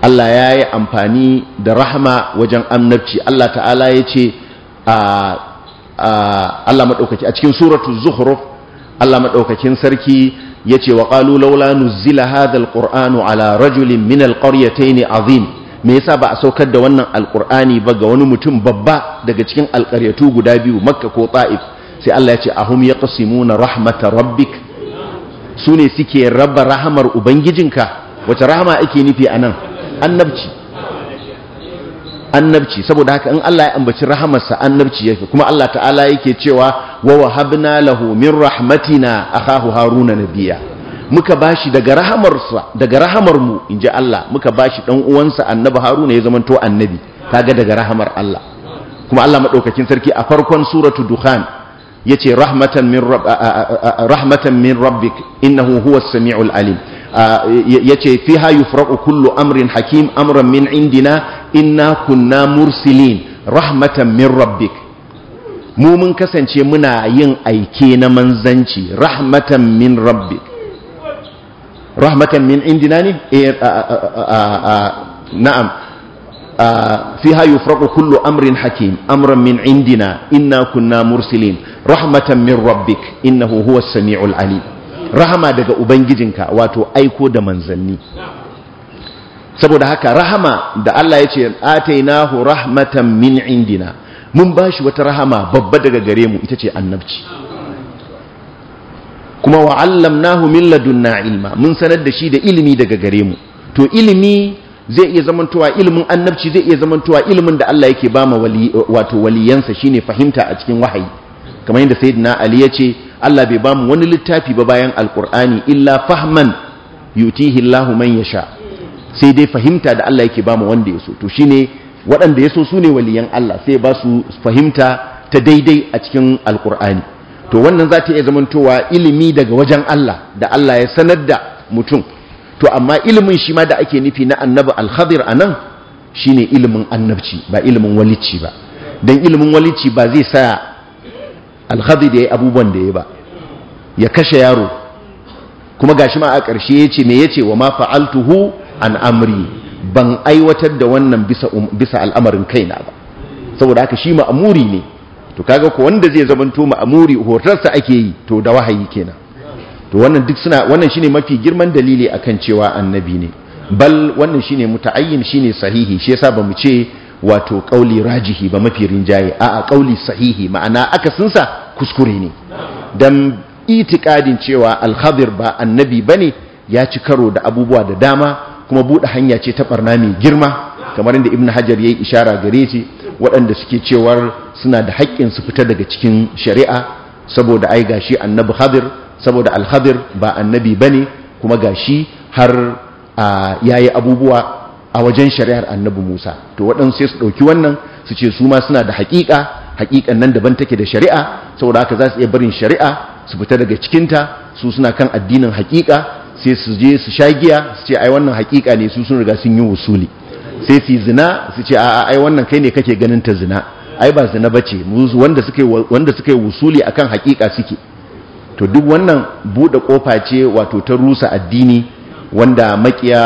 Allah ya yi amfani da rahama wajen annabci Allah ta'ala ya ce a Allah maɗaukaki a cikin suratu zuhruf Allah maɗaukakin sarki ya ce wa ƙalu laula nuzzila hadal ƙor'anu ala rajulin min ne azini me yasa ba a saukar da wannan alkur'ani ba ga wani mutum babba daga cikin alkaryatu guda biyu makka ko ta'if sai Allah ya ce ahum yaqsimuna rahmata rabbik su ne suke raba rahamar ubangijinka wace rahama ake nufi anan annabci annabci saboda haka in Allah ya ambaci rahamarsa annabci yake kuma Allah ta'ala yake cewa wa wahabna lahu min rahmatina akahu haruna nabiyya muka bashi daga rahamarsa daga rahamarmu ji Allah muka bashi dan uwansa annabi haruna ya zamanto annabi kaga daga rahamar Allah kuma Allah madaukakin sarki a farkon suratu dukhan yace rahmatan min rabb rahmatan min rabbik innahu huwas samiul alim yace fiha yufraqu kullu amrin hakim amran min indina inna kunna mursilin rahmatan min rabbik mu mun kasance muna yin aike na manzanci rahmatan min rabbik rahmatan min indina ne eh, na'am fiha yufraqu kullu amrin hakim amran min indina inna kunna mursilin rahmatan min rabbik innahu huwa samiul alim rahama daga ubangijinka wato aiko da manzanni saboda haka rahama da Allah ya ce atainahu rahmatan min indina mun bashi wata rahama babba daga gare mu ita ce annabci kuma wa allamnahu min na ilma mun sanar da shi da ilimi daga gare mu to ilimi zai iya zamantowa ilimin annabci zai iya zamantowa ilimin da Allah yake bama wali wato waliyansa shine fahimta a cikin wahayi kamar yadda sayyidina Ali ya ce Allah bai bamu wani littafi ba bayan alqur'ani illa fahman yutihi Allahu man yasha sai dai fahimta da Allah yake bama wanda ya so. to shine waɗanda ya yaso sune waliyan Allah sai ba su fahimta ta daidai a cikin alqur'ani to wannan za ta iya zamantowa ilimi daga wajen Allah da Allah ya sanar da mutum to amma ilimin shi ma da ake nufi na annabi alhadir a nan shi ne ilimin annabci ba ilimin walici ba don ilimin walici ba zai sa alhadir ya yi abubuwan da ya ba ya kashe yaro kuma gashi ma a ƙarshe ya ce me ya ce wa ma fa'altuhu an amri ban aiwatar da wannan bisa um, al'amarin kaina ba saboda haka shi ma'amuri ne to kaga ko wanda zai zamanto ma'amuri hotarsa ake yi to da wahayi kenan to wannan duk suna wannan shine mafi girman dalili akan cewa annabi ne bal wannan shine muta'ayyin shine sahihi shi yasa mu ce wato qauli rajihi ba mafi rinjaye a'a qauli sahihi ma'ana akasinsa sa kuskure ne dan itikadin cewa al-khadir ba annabi bane ya ci karo da abubuwa da dama kuma bude hanya ce ta barna mai girma kamar inda ibnu hajar yayi ishara gare shi waɗanda suke cewar suna da haƙƙin su fita daga cikin shari'a saboda ai gashi annabi hadir saboda alhadir ba annabi bane kuma gashi har yayi abubuwa a wajen shari'ar annabi Musa to waɗansu sai su ɗauki wannan su ce su ma suna da haƙiƙa haƙiƙan nan daban take da shari'a saboda haka za su iya barin shari'a su fita daga cikinta su suna kan addinin haƙiƙa sai su je su shagiya su ce ai wannan haƙiƙa ne su sun riga sun yi wusuli sai su zina su ce a'a ai wannan kai ne kake ganin ta zina ai ba zina ba ce wanda suka wanda suka wusuli akan hakika suke to duk wannan bude kofa ce wato ta rusa addini wanda makiya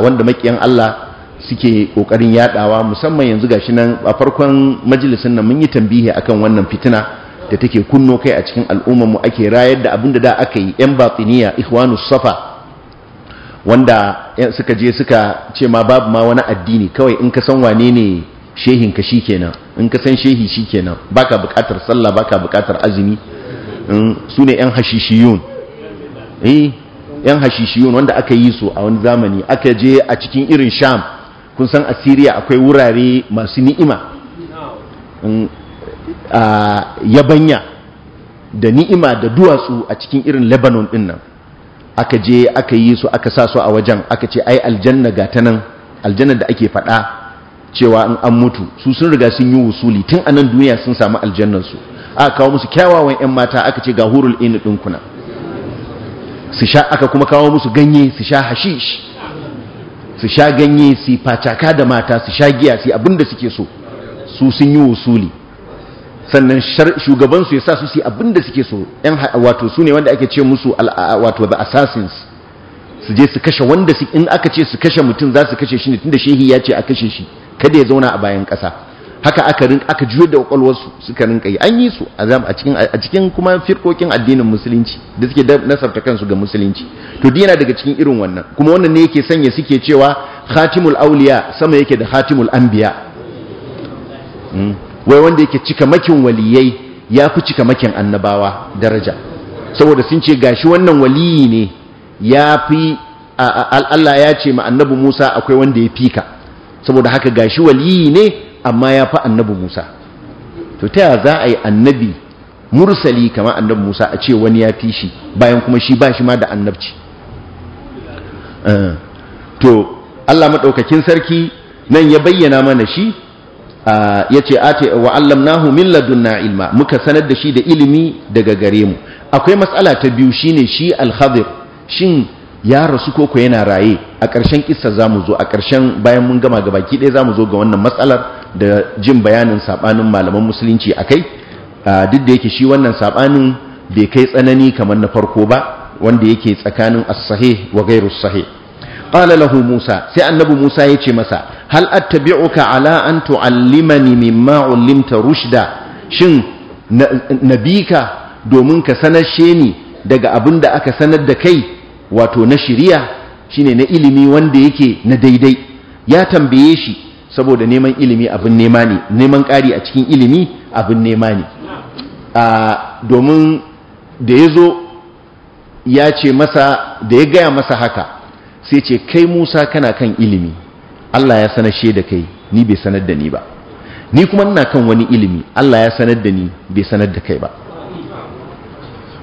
wanda makiyan Allah suke kokarin yadawa musamman yanzu gashi nan a farkon majalisin nan mun yi tambihi akan wannan fitina da take kunno kai a cikin al'ummar mu ake rayar da abinda da aka yi yan batiniya ikhwanus safa wanda suka je suka ce ma babu ma wani addini kawai in ka san wane ne shehin ka shikenan in ka san shehi shikenan baka bukatar sallah baka bukatar azumi su ne yan hashishiyun eh yan hashishiyun wanda aka yi su a wani zamani aka je a cikin irin sham kun san asiriya akwai wurare masu ni'ima a yabanya da ni'ima da duwatsu a cikin irin lebanon din nan aka je aka yi su aka sa su a wajen aka ce ai aljanna ga ta nan aljanna da ake faɗa cewa in an mutu su sun riga sun yi wusuli tun anan duniya sun samu su aka kawo musu kyawawan 'yan mata aka ce ga hurul in ɗinkuna su sha aka kuma kawo musu ganye su sha hashish su sha ganye su facaka da mata su sha giya su abinda da suke so su sun yi wusuli sannan shugabansu ya sa su su abin da suke so yan wato su ne wanda ake ce musu wato the assassins su je su kashe wanda su in aka ce su kashe mutum za su kashe shi ne tunda shehi ya ce a kashe shi kada ya zauna a bayan kasa haka aka rin aka da kwakwalwarsu suka rinka yi an yi su a cikin kuma firkokin addinin musulunci da suke nasarta kansu ga musulunci to di yana daga cikin irin wannan kuma wannan ne yake sanya suke cewa khatimul auliya sama yake da khatimul anbiya hmm. wai wanda yake cika makin waliyai ya fi cika makin annabawa daraja saboda sun ce gashi wannan waliyi ne ya fi Allah ya ce ma annabu Musa akwai wanda ya fika saboda haka gashi waliyi ne amma ya fi annabu Musa to ta ya za a yi annabi mursali kamar annabu Musa a ce wani ya fi shi bayan kuma shi ba shi ma da annabci eh, to Allah maɗaukakin sarki nan ya bayyana mana shi ya ce wa’allam na allamnahu min na ilma muka sanar da shi da ilimi daga gare mu akwai matsala ta biyu shine shi alhazir shin ya rasu koko yana raye a ƙarshen za mu zo a ƙarshen bayan mun gama ga baki ɗaya mu zo ga wannan matsalar da jin bayanin saɓanin malaman musulunci a kai. duk da yake shi wannan saɓanin bai kai tsanani kamar na farko ba wanda yake tsakanin as-sahih wa gairus sahih qala Musa sai annabi Musa ya ce masa hal attabi'uka ala an tu'allimani mimma ullimta rushda shin na nabika domin ka sanashe ni daga abin da aka sanar da kai wato na shiriya shine na ilimi wanda yake na daidai ya tambaye shi saboda neman ilimi abin nema ne neman ƙari a cikin ilimi abin nema ne domin da ya zo ya ce masa da ya gaya masa haka sai ce kai Musa kana kan ilimi Allah ya sanar da kai ni bai sanar da ni ba ni kuma ina kan wani ilimi Allah ya sanar da ni bai sanar da kai ba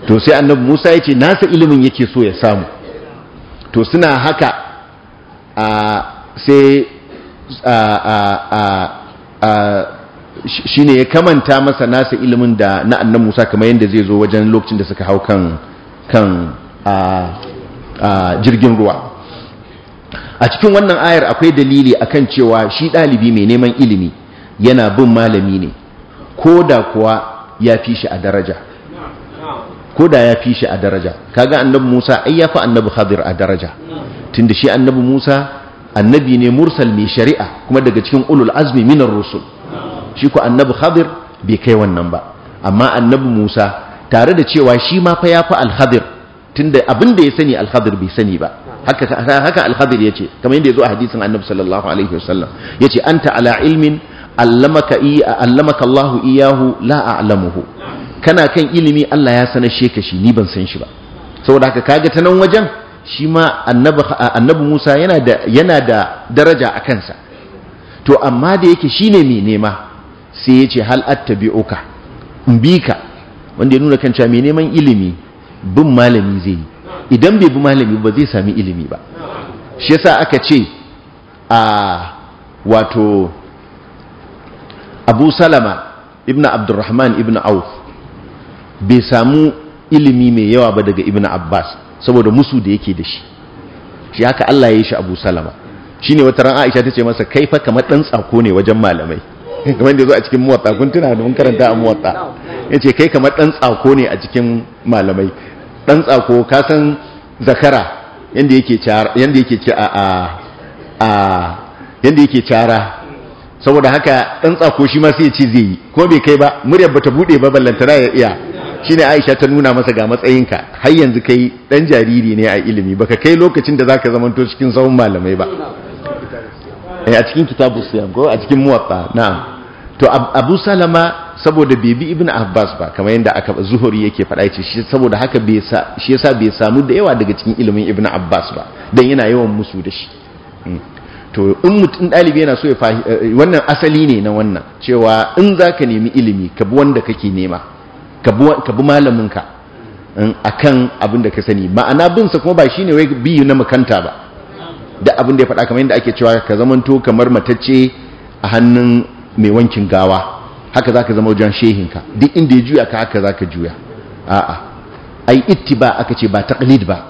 to sai annabi Musa ya ce nasa ilimin yake so ya samu to suna haka a sai a shi ne ya kamanta masa nasa ilimin da na annan musa kamar yadda zai zo wajen lokacin da suka hau kan jirgin ruwa a cikin wannan ayar akwai dalili akan cewa shi ɗalibi mai neman ilimi yana bin malami ne ko da kuwa ya fi shi a daraja ko da ya fi shi a daraja kaga annabi Musa ai ya fi annabi Khadir a daraja tunda shi annabi Musa annabi ne mursal mai shari'a kuma daga cikin ulul azmi minar rusul shi ku annabi Khadir bai kai wannan ba amma annabi Musa tare da cewa shi ma fa ya fi al-Khadir tunda abin da ya sani al bai sani ba haka haka al-khadir yace kamar yadda yazo a hadisin annabi sallallahu alaihi wasallam yace anta ala ilmin allamaka iya allamaka Allah iyahu la a'lamuhu kana kan ilimi Allah ya sanar ka shi ni ban san shi ba saboda haka kaga ta nan wajen shi ma annabi Musa yana da yana da daraja a kansa to amma da yake shine mai nema sai yace hal attabi'uka in bika wanda ya nuna kan cewa mai neman ilimi bin malami zai yi idan bai bi malami ba zai sami ilimi ba shi yasa aka ce a wato abu salama ibn abdurrahman ibn auf bai samu ilimi mai yawa ba daga ibn abbas saboda musu da yake da shi shi haka allah ya yi shi abu salama shi ne wata ran aisha ta ce masa kai fa kamar ɗan tsako ne wajen malamai *laughs* kamar da zo a cikin muwatta kun tuna da mun karanta a muwatta ya ce kai kamar ɗan tsako ne a cikin malamai ɗan tsako ka san zakara yanda yake yanda ci a yanda yake cara saboda haka ɗan tsako shi ma sai ci zai yi ko bai kai ba muryar ba ta buɗe ba ballantana ya iya shi aisha ta nuna masa ga matsayinka har yanzu kai ɗan jariri ne a ilimi baka kai lokacin da zaka ka to cikin sauran malamai ba eh, a cikin kitabu siyam ko a cikin muwatta na'am to abu salama saboda bebi ibn abbas ba kamar yadda aka zuhuri yake faɗa ce saboda haka shi yasa bai samu da yawa daga cikin ilimin ibn abbas ba don yana yawan musu da shi mm. to in mutum ɗalibi yana so ya fahi eh, wannan asali ne na wannan cewa in za ka nemi ilimi ka bi wanda kake nema ka bi malaminka mm, a kan abin da ka sani ma'ana binsa kuma ba shi ne wai biyu na makanta ba da abin da ya faɗa kamar yadda ake cewa ka zamanto kamar matacce a hannun mai wankin gawa haka za ka zama wajen shehinka duk inda ya juya ka haka za ka juya a'a ai ittiba aka ce ba taqlid ba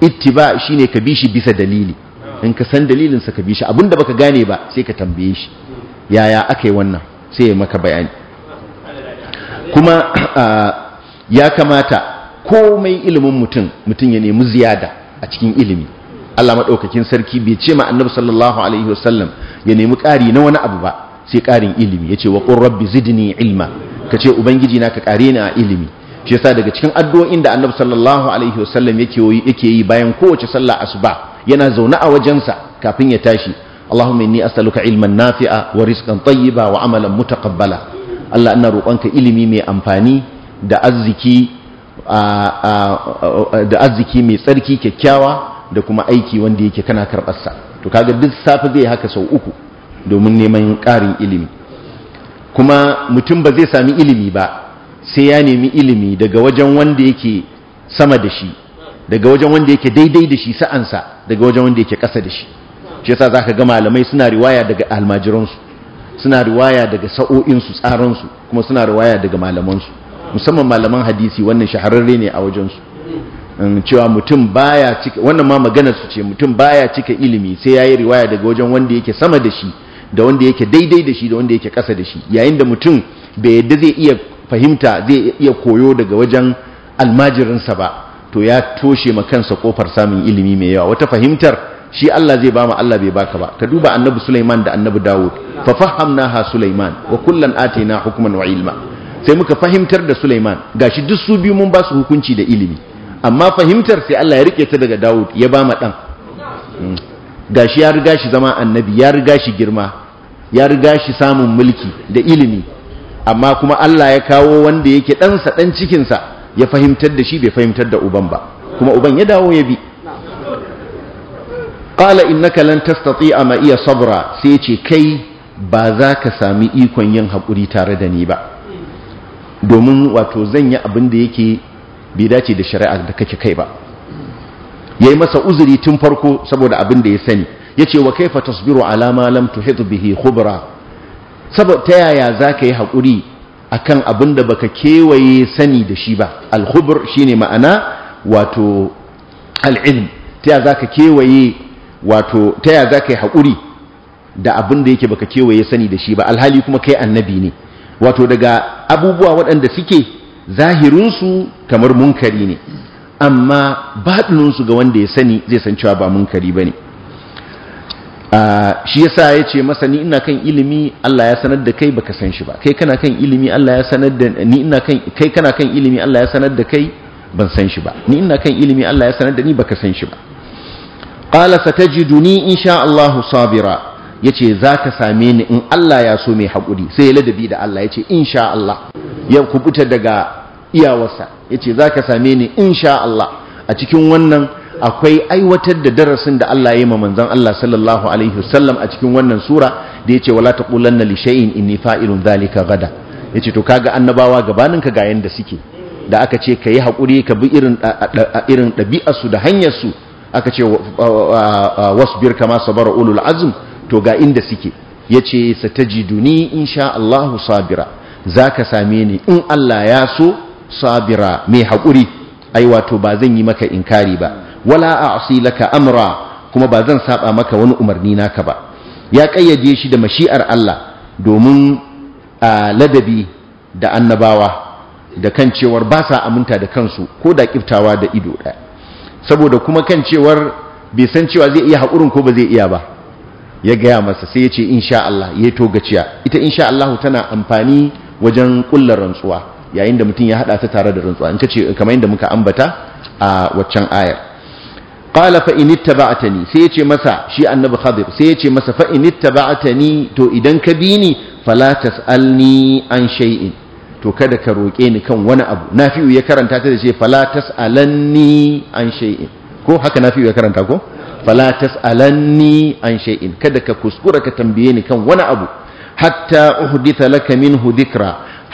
ittiba shine ka bi shi bisa dalili in ka san dalilinsa ka bi shi abinda baka gane ba sai ka tambaye shi yaya aka yi wannan sai ya maka bayani kuma ya kamata komai ilimin mutum mutum ya nemi ziyada a cikin ilimi Allah maɗaukakin sarki bai ce ma annabi sallallahu alaihi wasallam ya nemi ƙari na wani abu ba sai ƙarin ilimi yace wa rabbi zidni ilma ce ubangiji na ka ƙare ni a ilimi shi yasa daga cikin addu'o'in da annabi sallallahu alaihi wasallam yake yi bayan kowace sallah asuba yana zaune a wajensa kafin ya tashi Allahumma inni as'aluka ilman nafi'a wa rizqan tayyiba wa amalan mutaqabbala Allah ina roƙonka ilimi mai amfani da arziki da arziki mai tsarki kyakkyawa da kuma aiki wanda yake kana karɓarsa to kaga duk safi zai haka sau uku domin neman ƙarin ilimi kuma mutum ba zai sami ilimi ba sai ya nemi ilimi daga wajen wanda yake sama da shi daga wajen wanda yake daidai da shi sa'ansa daga wajen wanda yake ƙasa da shi shi yasa zaka ga malamai suna riwaya daga almajiransu suna riwaya daga sa'o'insu tsaransu kuma suna riwaya daga malamansu musamman malaman hadisi wannan shahararre ne a wajensu uhm, cewa mutum baya cika wannan ma maganarsu su ce mutum baya cika ilimi sai ya yi riwaya daga wajen wanda yake sama da shi da wanda yake daidai da shi da wanda yake ƙasa da shi yayin da mutum bai yadda zai iya fahimta zai iya koyo daga wajen almajirinsa ba to ya toshe ma kansa kofar samun ilimi mai yawa wata fahimtar shi Allah zai ba mu Allah bai baka ba ka duba annabi Sulaiman da annabi Dawud fa fahamnaha Sulaiman wa kullan ataina hukman wa ilma sai muka fahimtar da Sulaiman gashi duk su biyu mun ba su hukunci da ilimi amma fahimtar sai Allah ya rike ta daga Dawud ya ba ma dan hmm. gashi ya riga shi zama annabi ya riga shi girma ya riga shi samun mulki da ilimi amma kuma Allah ya kawo wanda yake ɗansa ɗan cikinsa ya fahimtar da shi bai fahimtar da uban ba kuma uban ya dawo ya bi ƙala innaka lan tastati a ma iya sabra sai ya ce kai ba za ka sami ikon yin haƙuri tare da ni ba domin wato zan yi abin da yake bai dace da shari'a da kake kai ba yayi masa uzuri tun farko saboda abin da ya sani Ya ce wa kaifa tasbiru ala ma lam tuhit bihi khubra saboda ta yaya zaka yi hakuri akan abinda da baka kewaye sani da shi ba al-khubr shine ma'ana wato al ta yaya zaka kewaye wato ta yaya zaka yi hakuri da abinda da yake baka kewaye sani da shi ba alhali kuma kai annabi ne wato daga abubuwa waɗanda suke zahirinsu kamar munkari ne amma baɗininsu ga wanda ya sani zai san cewa ba munkari ba ne shi yasa ya ce masa ni ina kan ilimi Allah ya sanar da kai baka san shi ba kai kana kan ilimi Allah ya sanar da ni kai ban san shi ba ni ina kan ilimi Allah ya sanar da ni baka san shi ba qala satajiduni insha Allah sabira yace zaka same ni in Allah ya so mai hakuri sai ya ladabi da Allah yace insha Allah ya kubuta daga iyawarsa yace zaka same ni insha Allah a cikin wannan akwai aiwatar da darasin da Allah ya yi manzon Allah sallallahu alaihi wasallam a cikin wannan sura da yace wala taqulanna li shay'in inni fa'ilun dhalika gada yace to kaga annabawa gabanin ka ga yanda suke da aka ce kai hakuri ka bi irin irin dabi'ar da hanyarsu aka ce wasbir kama sabara ulul azm to ga inda suke yace satajiduni insha Allah sabira zaka same ni in Allah ya so sabira mai hakuri? ai wato ba zan yi maka inkari ba wala a'si laka amra kuma ba zan saba maka wani umarni naka ba ya kayyade shi da mashi'ar Allah domin ladabi da annabawa da kan cewar ba sa aminta da kansu ko da kiftawa da ido ɗaya saboda kuma kan cewar bai san cewa zai iya haƙurin ko ba zai iya ba ya gaya masa sai ya ce insha Allah ya yi togaciya. ita insha Allah tana amfani wajen kullar rantsuwa yayin da mutum ya haɗa ta tare da rantsuwa in ka ce kamar yadda muka ambata a waccan ayar qala fa in ittaba'tani sai yace masa shi annabi khadir sai yace masa fa in ittaba'tani to idan ka bi ni fala tasalni an shay'in to kada ka roke ni kan wani abu nafi'u ya karanta ta da ce fala tasalanni an shay'in ko haka nafi'u ya karanta ko fala tasalanni an shay'in kada ka kuskura ka tambaye ni kan wani abu hatta uhditha laka minhu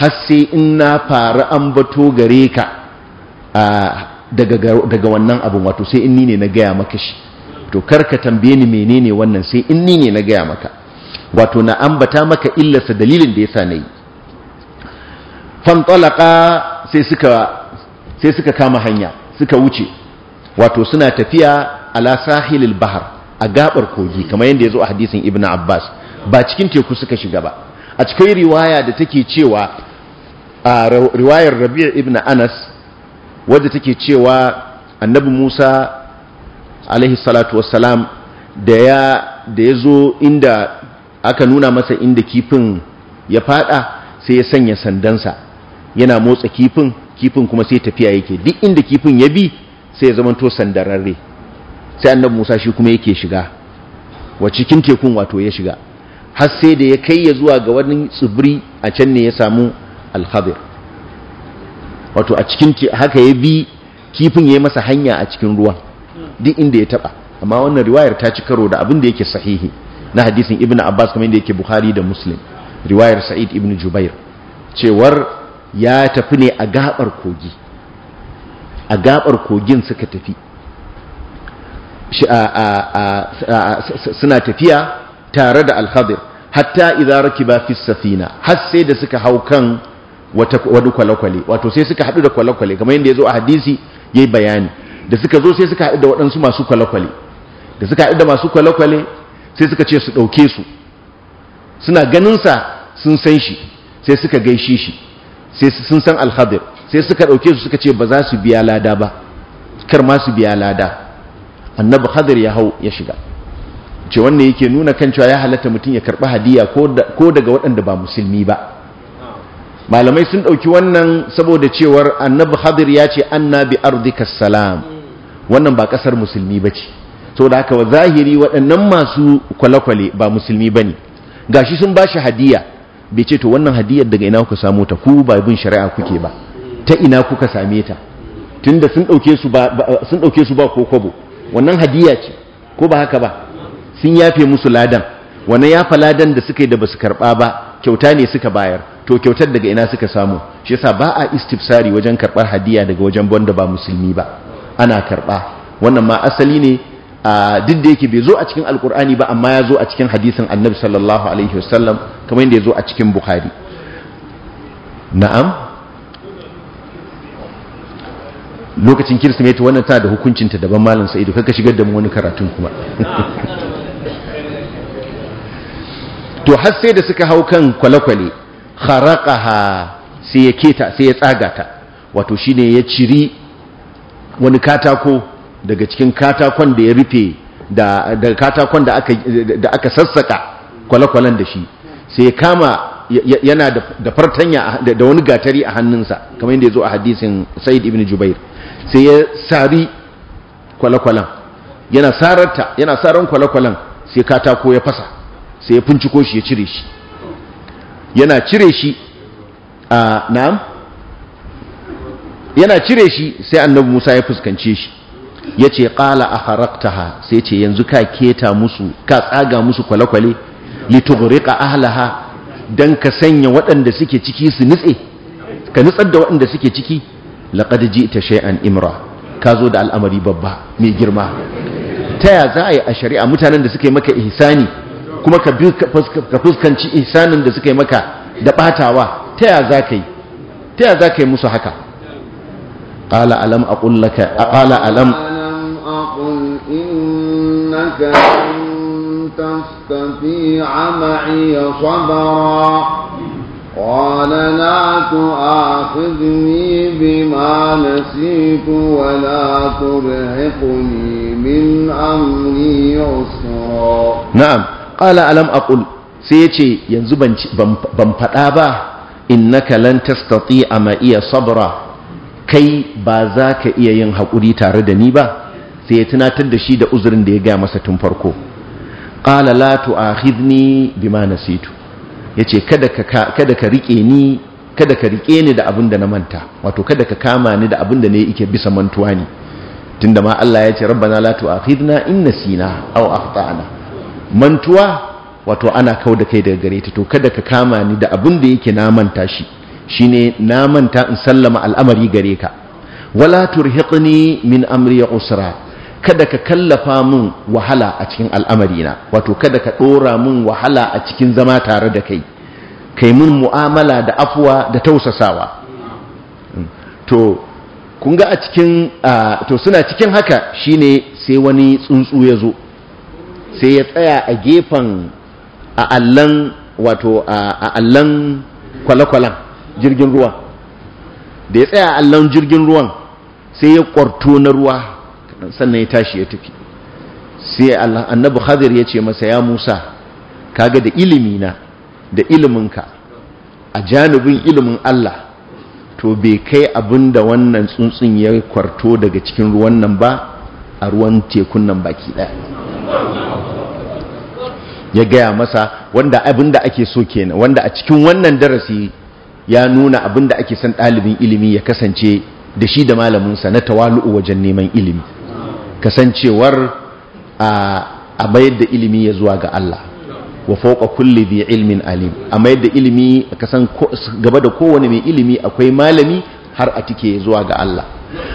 har sai in na fara ambato gare ka ah, daga wannan abin wato sai in ne na gaya maka shi to karka tambaye ni menene wannan sai in ne na gaya maka wato na ambata maka illarsa dalilin da ya sa na yi. suka sai suka kama hanya suka wuce wato suna tafiya ala sahilil bahar a gabar kogi kamar yadda yazo a hadisin Ibn abbas ba cikin teku suka shiga ba a cikin riwaya da take cewa a riwayar rabi' ibn anas wadda take cewa annabi Musa alaihi salatu wassalam da ya da ya zo inda aka nuna masa inda kifin ya fada sai ya sanya sandansa yana motsa kifin kifin kuma sai tafiya yake duk inda kifin ya bi sai ya zamanto sandararre sai annabi Musa shi kuma yake shiga wa cikin tekun wato ya shiga har sai da ya kai ya zuwa ga wani tsibiri a can ne ya samu al wato a cikin haka ya bi kifin ya yi masa hanya a cikin ruwa duk inda ya taba amma wannan riwayar ta ci karo da abin da yake sahihi na hadisin ibn abbas kamar yadda yake buhari da muslim riwayar sa'id ibn jubair cewar ya tafi ne a gabar kogi a gabar kogin suka tafi suna tafiya tare da alhazir hatta idza rakiba fi safina har sai da suka hau kan wani kwale-kwale wato sai suka haɗu da kwale-kwale kamar yadda ya zo a hadisi ya yi bayani da suka zo sai suka haɗu da waɗansu masu kwale-kwale da suka haɗu da masu kwale-kwale sai suka ce su ɗauke su suna ganinsa sun san shi sai suka gaishe shi sai sun san alhadir sai suka ɗauke su suka ce ba za su biya lada ba kar ma su biya lada annabi hadir ya hau ya shiga ce wannan yake nuna kan cewa ya halatta mutum ya karɓi hadiya ko daga waɗanda ba musulmi ba malamai sun ɗauki wannan saboda cewar annabi hadir ya ce anna bi ardikas salam wannan ba ƙasar musulmi ba ce saboda haka wa zahiri waɗannan masu kwale-kwale ba musulmi ba ne gashi sun ba shi hadiya bai ce to wannan hadiyar daga ina kuka samu ta ku ba bin shari'a kuke ba ta ina kuka same ta tunda sun ɗauke su ba ko kwabo wannan hadiya ce ko ba haka ba sun yafe musu ladan wannan yafa ladan da suka yi da ba su karɓa ba kyauta ne suka bayar to kyautar daga ina suka samu shi yasa ba a istifsari wajen karbar hadiya daga wajen banda ba musulmi ba ana karba wannan ma asali ne a duk da yake bai zo a cikin alkur'ani ba amma ya zo a cikin hadisin annabi sallallahu alaihi wasallam kamar yadda ya zo a cikin bukhari na'am lokacin kirsimeti wannan ta da hukuncinta daban malam sa'idu kaga shigar da mu wani karatun kuma *laughs* to har sai da suka hau kan kwale-kwale kharaqaha sai ya keta sai ya tsaga ta wato shine ya ciri wani katako daga cikin katakon da ya rufe da daga katakon da aka da aka sassaka kwale-kwalen da shi sai ya kama yana da fartanya da wani gatari a hannunsa kamar yadda ya zo a hadisin Said ibn Jubair sai ya sari kwale-kwalen yana sararta yana saran kwale-kwalen sai katako ya fasa sai ya finciko shi ya cire shi yana cire shi a na'am yana cire shi sai annabi Musa ya fuskance shi ya ce ƙala a haraktaha sai ce yanzu ka keta musu ka tsaga musu kwale-kwale litugurika ahlaha don ka sanya waɗanda suke ciki su nutse ka nutsar da waɗanda suke ciki laƙadaji ji ta sha'an imra ka zo da al'amari babba mai girma ta ya za a yi a shari'a mutanen da suka yi maka ihsani kuma ka fuskanci ihsanin da suka yi maka da batawa ta ya za ka yi ta ya za ka yi musu haka ƙala alam a ƙullaka a ƙala alam تستطيع معي صبرا قال لا تؤاخذني بما نسيت ولا ترهقني min أمري عسرا نعم qala alam aqul sai yace yanzu ban faɗa fada ba innaka lan tastati'a ma iya sabra kai ba za ka iya yin haƙuri tare da ni ba sai ya tunatar da shi da uzurin da ya gaya masa tun farko qala la tu'akhidni bima nasitu yace kada ka kada ka rike ni kada ka rike ni da abin da na manta wato kada ka kama ni da abin da ne yake bisa mantuwa ne tunda ma Allah ya ce rabbana la tu'akhidna in nasina aw akhtana mantuwa wato ana kau da kai daga gare ta to kada ka kama ni da abin da yake na manta shi shine na manta in sallama al'amari gare ka wala turhiqni min amri usra kada ka kallafa min wahala a cikin al'amarina wato kada ka dora min wahala a cikin zama tare da kai kai mun mu'amala da afuwa da tausasawa mm. to kun ga a cikin to suna cikin haka shine sai wani tsuntsu ya zo sai ya tsaya a gefen a allan wato a allan kwale-kwalen jirgin ruwa da ya tsaya a allan jirgin ruwan sai ya kwarto na ruwa sannan ya tashi ya tafi sai annabi khadir ya ce masa ya musa kaga da ilimi na da iliminka a janubin ilimin allah to bai kai abin da wannan tsuntsun ya kwarto daga cikin ruwan nan ba a ruwan tekun nan baki ɗaya." ya gaya masa wanda abin ake so kenan wanda a cikin wannan darasi ya nuna abinda ake son ɗalibin ilimi ya kasance da shi da malaminsa na tawalu'u wajen neman ilimi kasancewar a mayar da ilimi ya zuwa ga Allah wa fauka kulli dhi ilmin alim a mayar da ilimi kasan gaba da kowane mai ilimi akwai malami har a tike zuwa ga Allah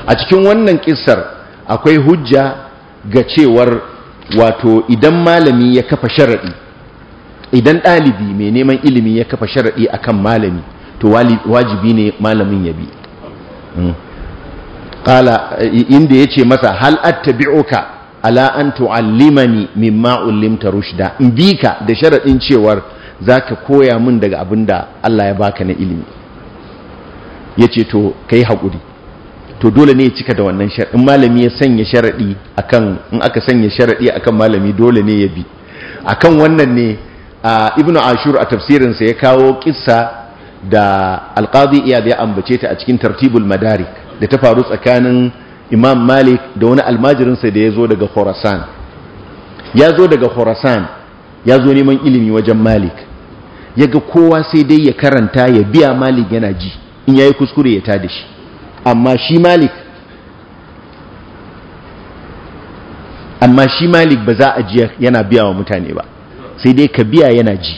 a cikin wannan kissar akwai hujja ga cewar wato idan malami ya kafa sharaɗi idan ɗalibi mai neman ilimi ya kafa sharaɗi akan malami to wajibi ne malamin ya bi ƙala hmm. inda ya ce masa hal attabi'uka ala an min mimma ullimta rushda in bi ka da sharaɗin cewar za ka koya min daga abin da Allah ya baka na ilimi yace to ka yi haƙuri to dole ne ya cika da wannan sharaɗi in malami ya sanya sharaɗi akan in aka sanya sharaɗi akan malami dole ne ya bi akan wannan ne ibnu ashur a tafsirinsa ya kawo kissa da alqadi iyad ya ambace ta a cikin tartibul madarik da ta faru tsakanin imam malik da wani almajirinsa da ya zo daga khorasan ya zo daga khorasan ya zo neman ilimi wajen malik ya ga kowa sai dai ya karanta ya biya malik yana ji in ya yi kuskure ya tada shi amma shi malik amma shi malik ba za a ji yana biya wa mutane ba sai dai ka biya yana ji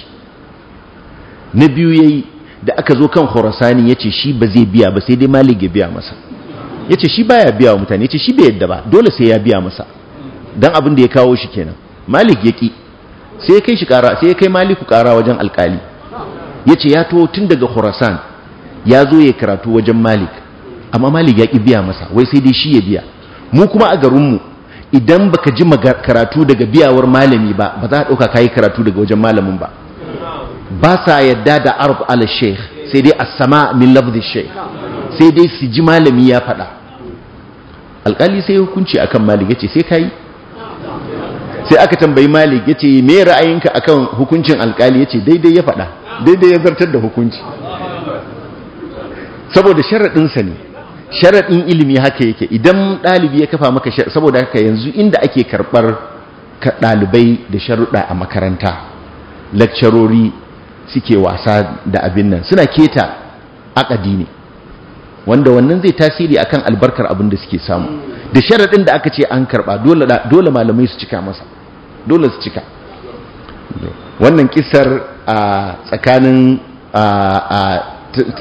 na biyu ya yi da aka zo kan ya ce shi ba zai biya ba sai dai malik ya biya masa ya ce shi ba ya biya wa mutane ya ce shi bai yadda ba dole sai ya biya masa Don abin da ya kawo shi kenan malik ya ki sai ya kai shi kara sai ya kai maliku kara wajen alkali ce ya to tun daga Khorasan ya zo ya karatu wajen malik amma malik ya ki biya masa wai sai dai shi ya biya mu kuma a garinmu idan baka ji karatu daga biyawar malami ba ba za a ɗauka kayi karatu daga wajen malamin ba ba sa yadda da arab al sheikh sai dai asama min lafzi sheikh sai dai su ji malami ya faɗa alƙali sai hukunci akan malik ya ce sai yi sai aka tambayi malik ya me ra'ayinka akan hukuncin alƙali ya ce daidai ya faɗa daidai ya zartar da hukunci saboda sharaɗinsa ne sharaɗin ilimi haka yake idan ɗalibi ya kafa maka saboda haka yanzu inda ake karɓar ɗalibai da sharuɗa a makaranta lakcarori suke wasa da abin nan suna keta akadi ne wanda wannan zai tasiri akan albarkar abin da suke samu da sharaɗin da aka ce an karɓa dole malamai su cika masa dole su cika wannan kisar a tsakanin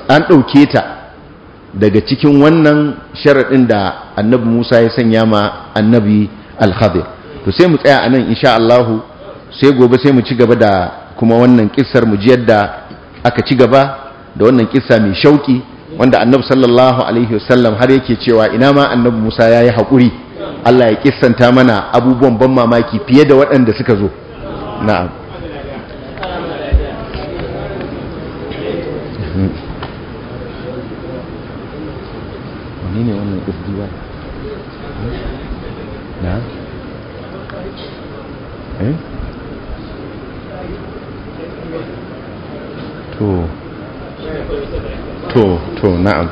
an ɗauke ta daga cikin wannan sharaɗin da annabi Musa ya sanya ma annabi al-Khadir to sai mu tsaya anan insha Allah sai gobe sai mu ci gaba da kuma wannan kissar mu ji yadda aka ci gaba da wannan kissa mai shauki wanda annabi sallallahu alaihi wasallam har yake cewa ina ma annabi Musa yayi haƙuri Allah ya kissanta mana abubuwan ban mamaki fiye da waɗanda suka zo na'am menene wannan fdi na eh to to to na'am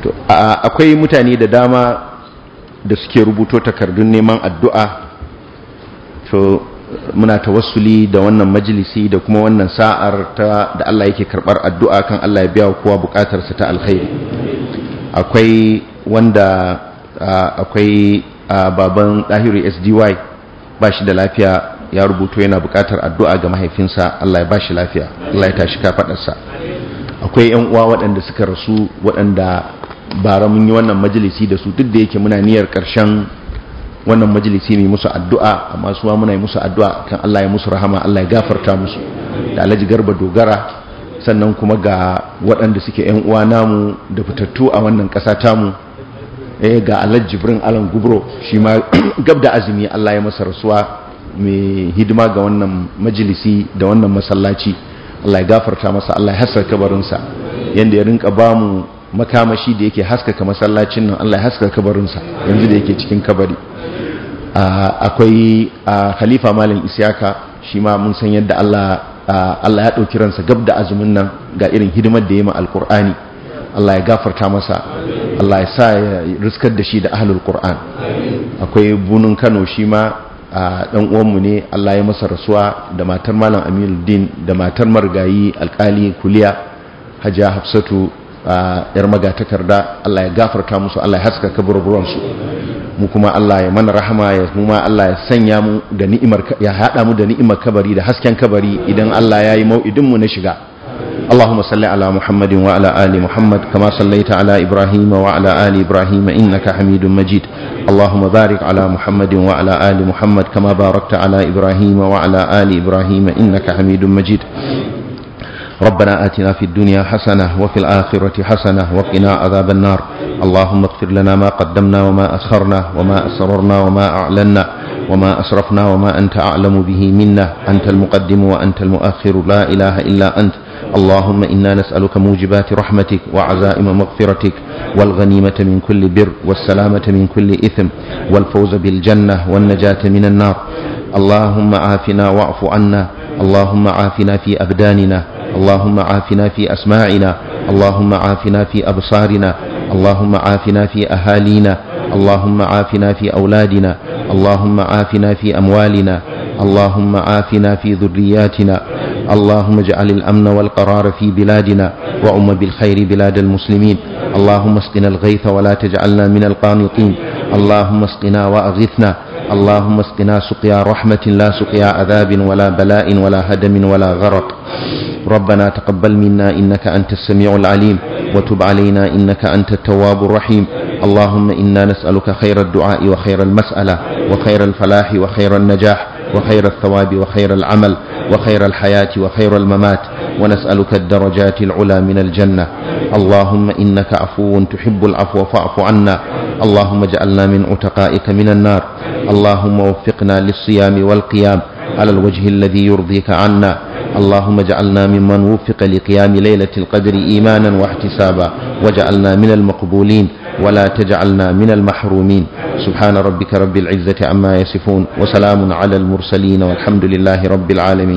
to akwai mutane da dama da suke rubuto takardun neman addu'a to muna tawassuli da wannan majalisi da kuma wannan sa'ar ta da Allah yake karbar addu'a kan Allah ya biya kowa bukatarsa ta alkhairi akwai wanda akwai baban Dahiru SDY ba shi da lafiya ya rubuto yana bukatar addu'a ga mahaifinsa Allah ya ba shi lafiya Allah ya tashi kafadarsa akwai yan uwa waɗanda suka rasu waɗanda bara mun yi wannan majalisi da su duk da yake muna niyyar ƙarshen wannan majalisi mai musu addu'a amma su ma muna yi musu addu'a kan Allah ya musu rahama Allah ya gafarta musu da alaji Garba Dogara sannan kuma ga waɗanda suke yan uwa namu da fitattu a wannan ƙasa tamu eh ga Alhaji Jibrin Alan Gubro shi ma *clears throat* gab da azumi Allah ya masa rasuwa mai hidima ga wannan majalisi da wannan masallaci Allah ya gafarta masa Allah ya hasar kabarinsa yanda ya rinka bamu makamashi da yake haskaka masallacin nan Allah ya haskaka kabarinsa yanzu da yake cikin kabari akwai khalifa malam isyaka shi ma mun san yadda Allah ya ɗauki ransa gab da azumin nan ga irin hidimar da ya ma alkur'ani Allah ya gafarta masa Allah ya sa ya riskar da shi da ahlul Ƙur'an. akwai bunun Kano shi ma ɗan uwanmu ne Allah ya masa rasuwa da matar malam Aminu Din da matar marigayi alkali kuliya Hajiya Hafsatu yar magatakarda Allah ya gafarta musu Allah ya haska kaburburansu mu kuma Allah ya mana rahama ya mu ma Allah ya sanya mu da ni'imar ya hada mu da ni'imar kabari da hasken kabari idan Allah ya yi mau'idin mu na shiga Allahumma salli ala Muhammadin wa ala ali Muhammad kama sallaita ala Ibrahim wa ala ali Ibrahim innaka Hamidum Majid Allahumma barik ala Muhammadin wa ala ali Muhammad kama barakta ala Ibrahim wa ala ali Ibrahim innaka Hamidum Majid ربنا آتنا في الدنيا حسنة وفي الآخرة حسنة وقنا عذاب النار اللهم اغفر لنا ما قدمنا وما أخرنا وما أسررنا وما أعلنا وما أسرفنا وما أنت أعلم به منا أنت المقدم وأنت المؤخر لا إله إلا أنت اللهم إنا نسألك موجبات رحمتك وعزائم مغفرتك والغنيمة من كل بر والسلامة من كل إثم والفوز بالجنة والنجاة من النار اللهم عافنا واعف عنا اللهم عافنا في أبداننا اللهم عافنا في أسماعنا اللهم عافنا في أبصارنا اللهم عافنا في أهالينا اللهم عافنا في أولادنا اللهم عافنا في أموالنا اللهم عافنا في ذرياتنا اللهم اجعل الأمن والقرار في بلادنا وأم بالخير بلاد المسلمين اللهم اسقنا الغيث ولا تجعلنا من القانطين اللهم اسقنا وأغثنا اللهم اسقنا سقيا رحمة لا سقيا عذاب ولا بلاء ولا هدم ولا غرق ربنا تقبل منا إنك أنت السميع العليم وتب علينا إنك أنت التواب الرحيم اللهم إنا نسألك خير الدعاء وخير المسألة وخير الفلاح وخير النجاح وخير الثواب وخير العمل وخير الحياة وخير الممات ونسألك الدرجات العلى من الجنة اللهم إنك عفو تحب العفو فاعف عنا اللهم اجعلنا من عتقائك من النار اللهم وفقنا للصيام والقيام على الوجه الذي يرضيك عنا اللهم اجعلنا ممن وفق لقيام ليلة القدر إيمانا واحتسابا واجعلنا من المقبولين ولا تجعلنا من المحرومين سبحان ربك رب العزة عما يصفون وسلام على المرسلين والحمد لله رب العالمين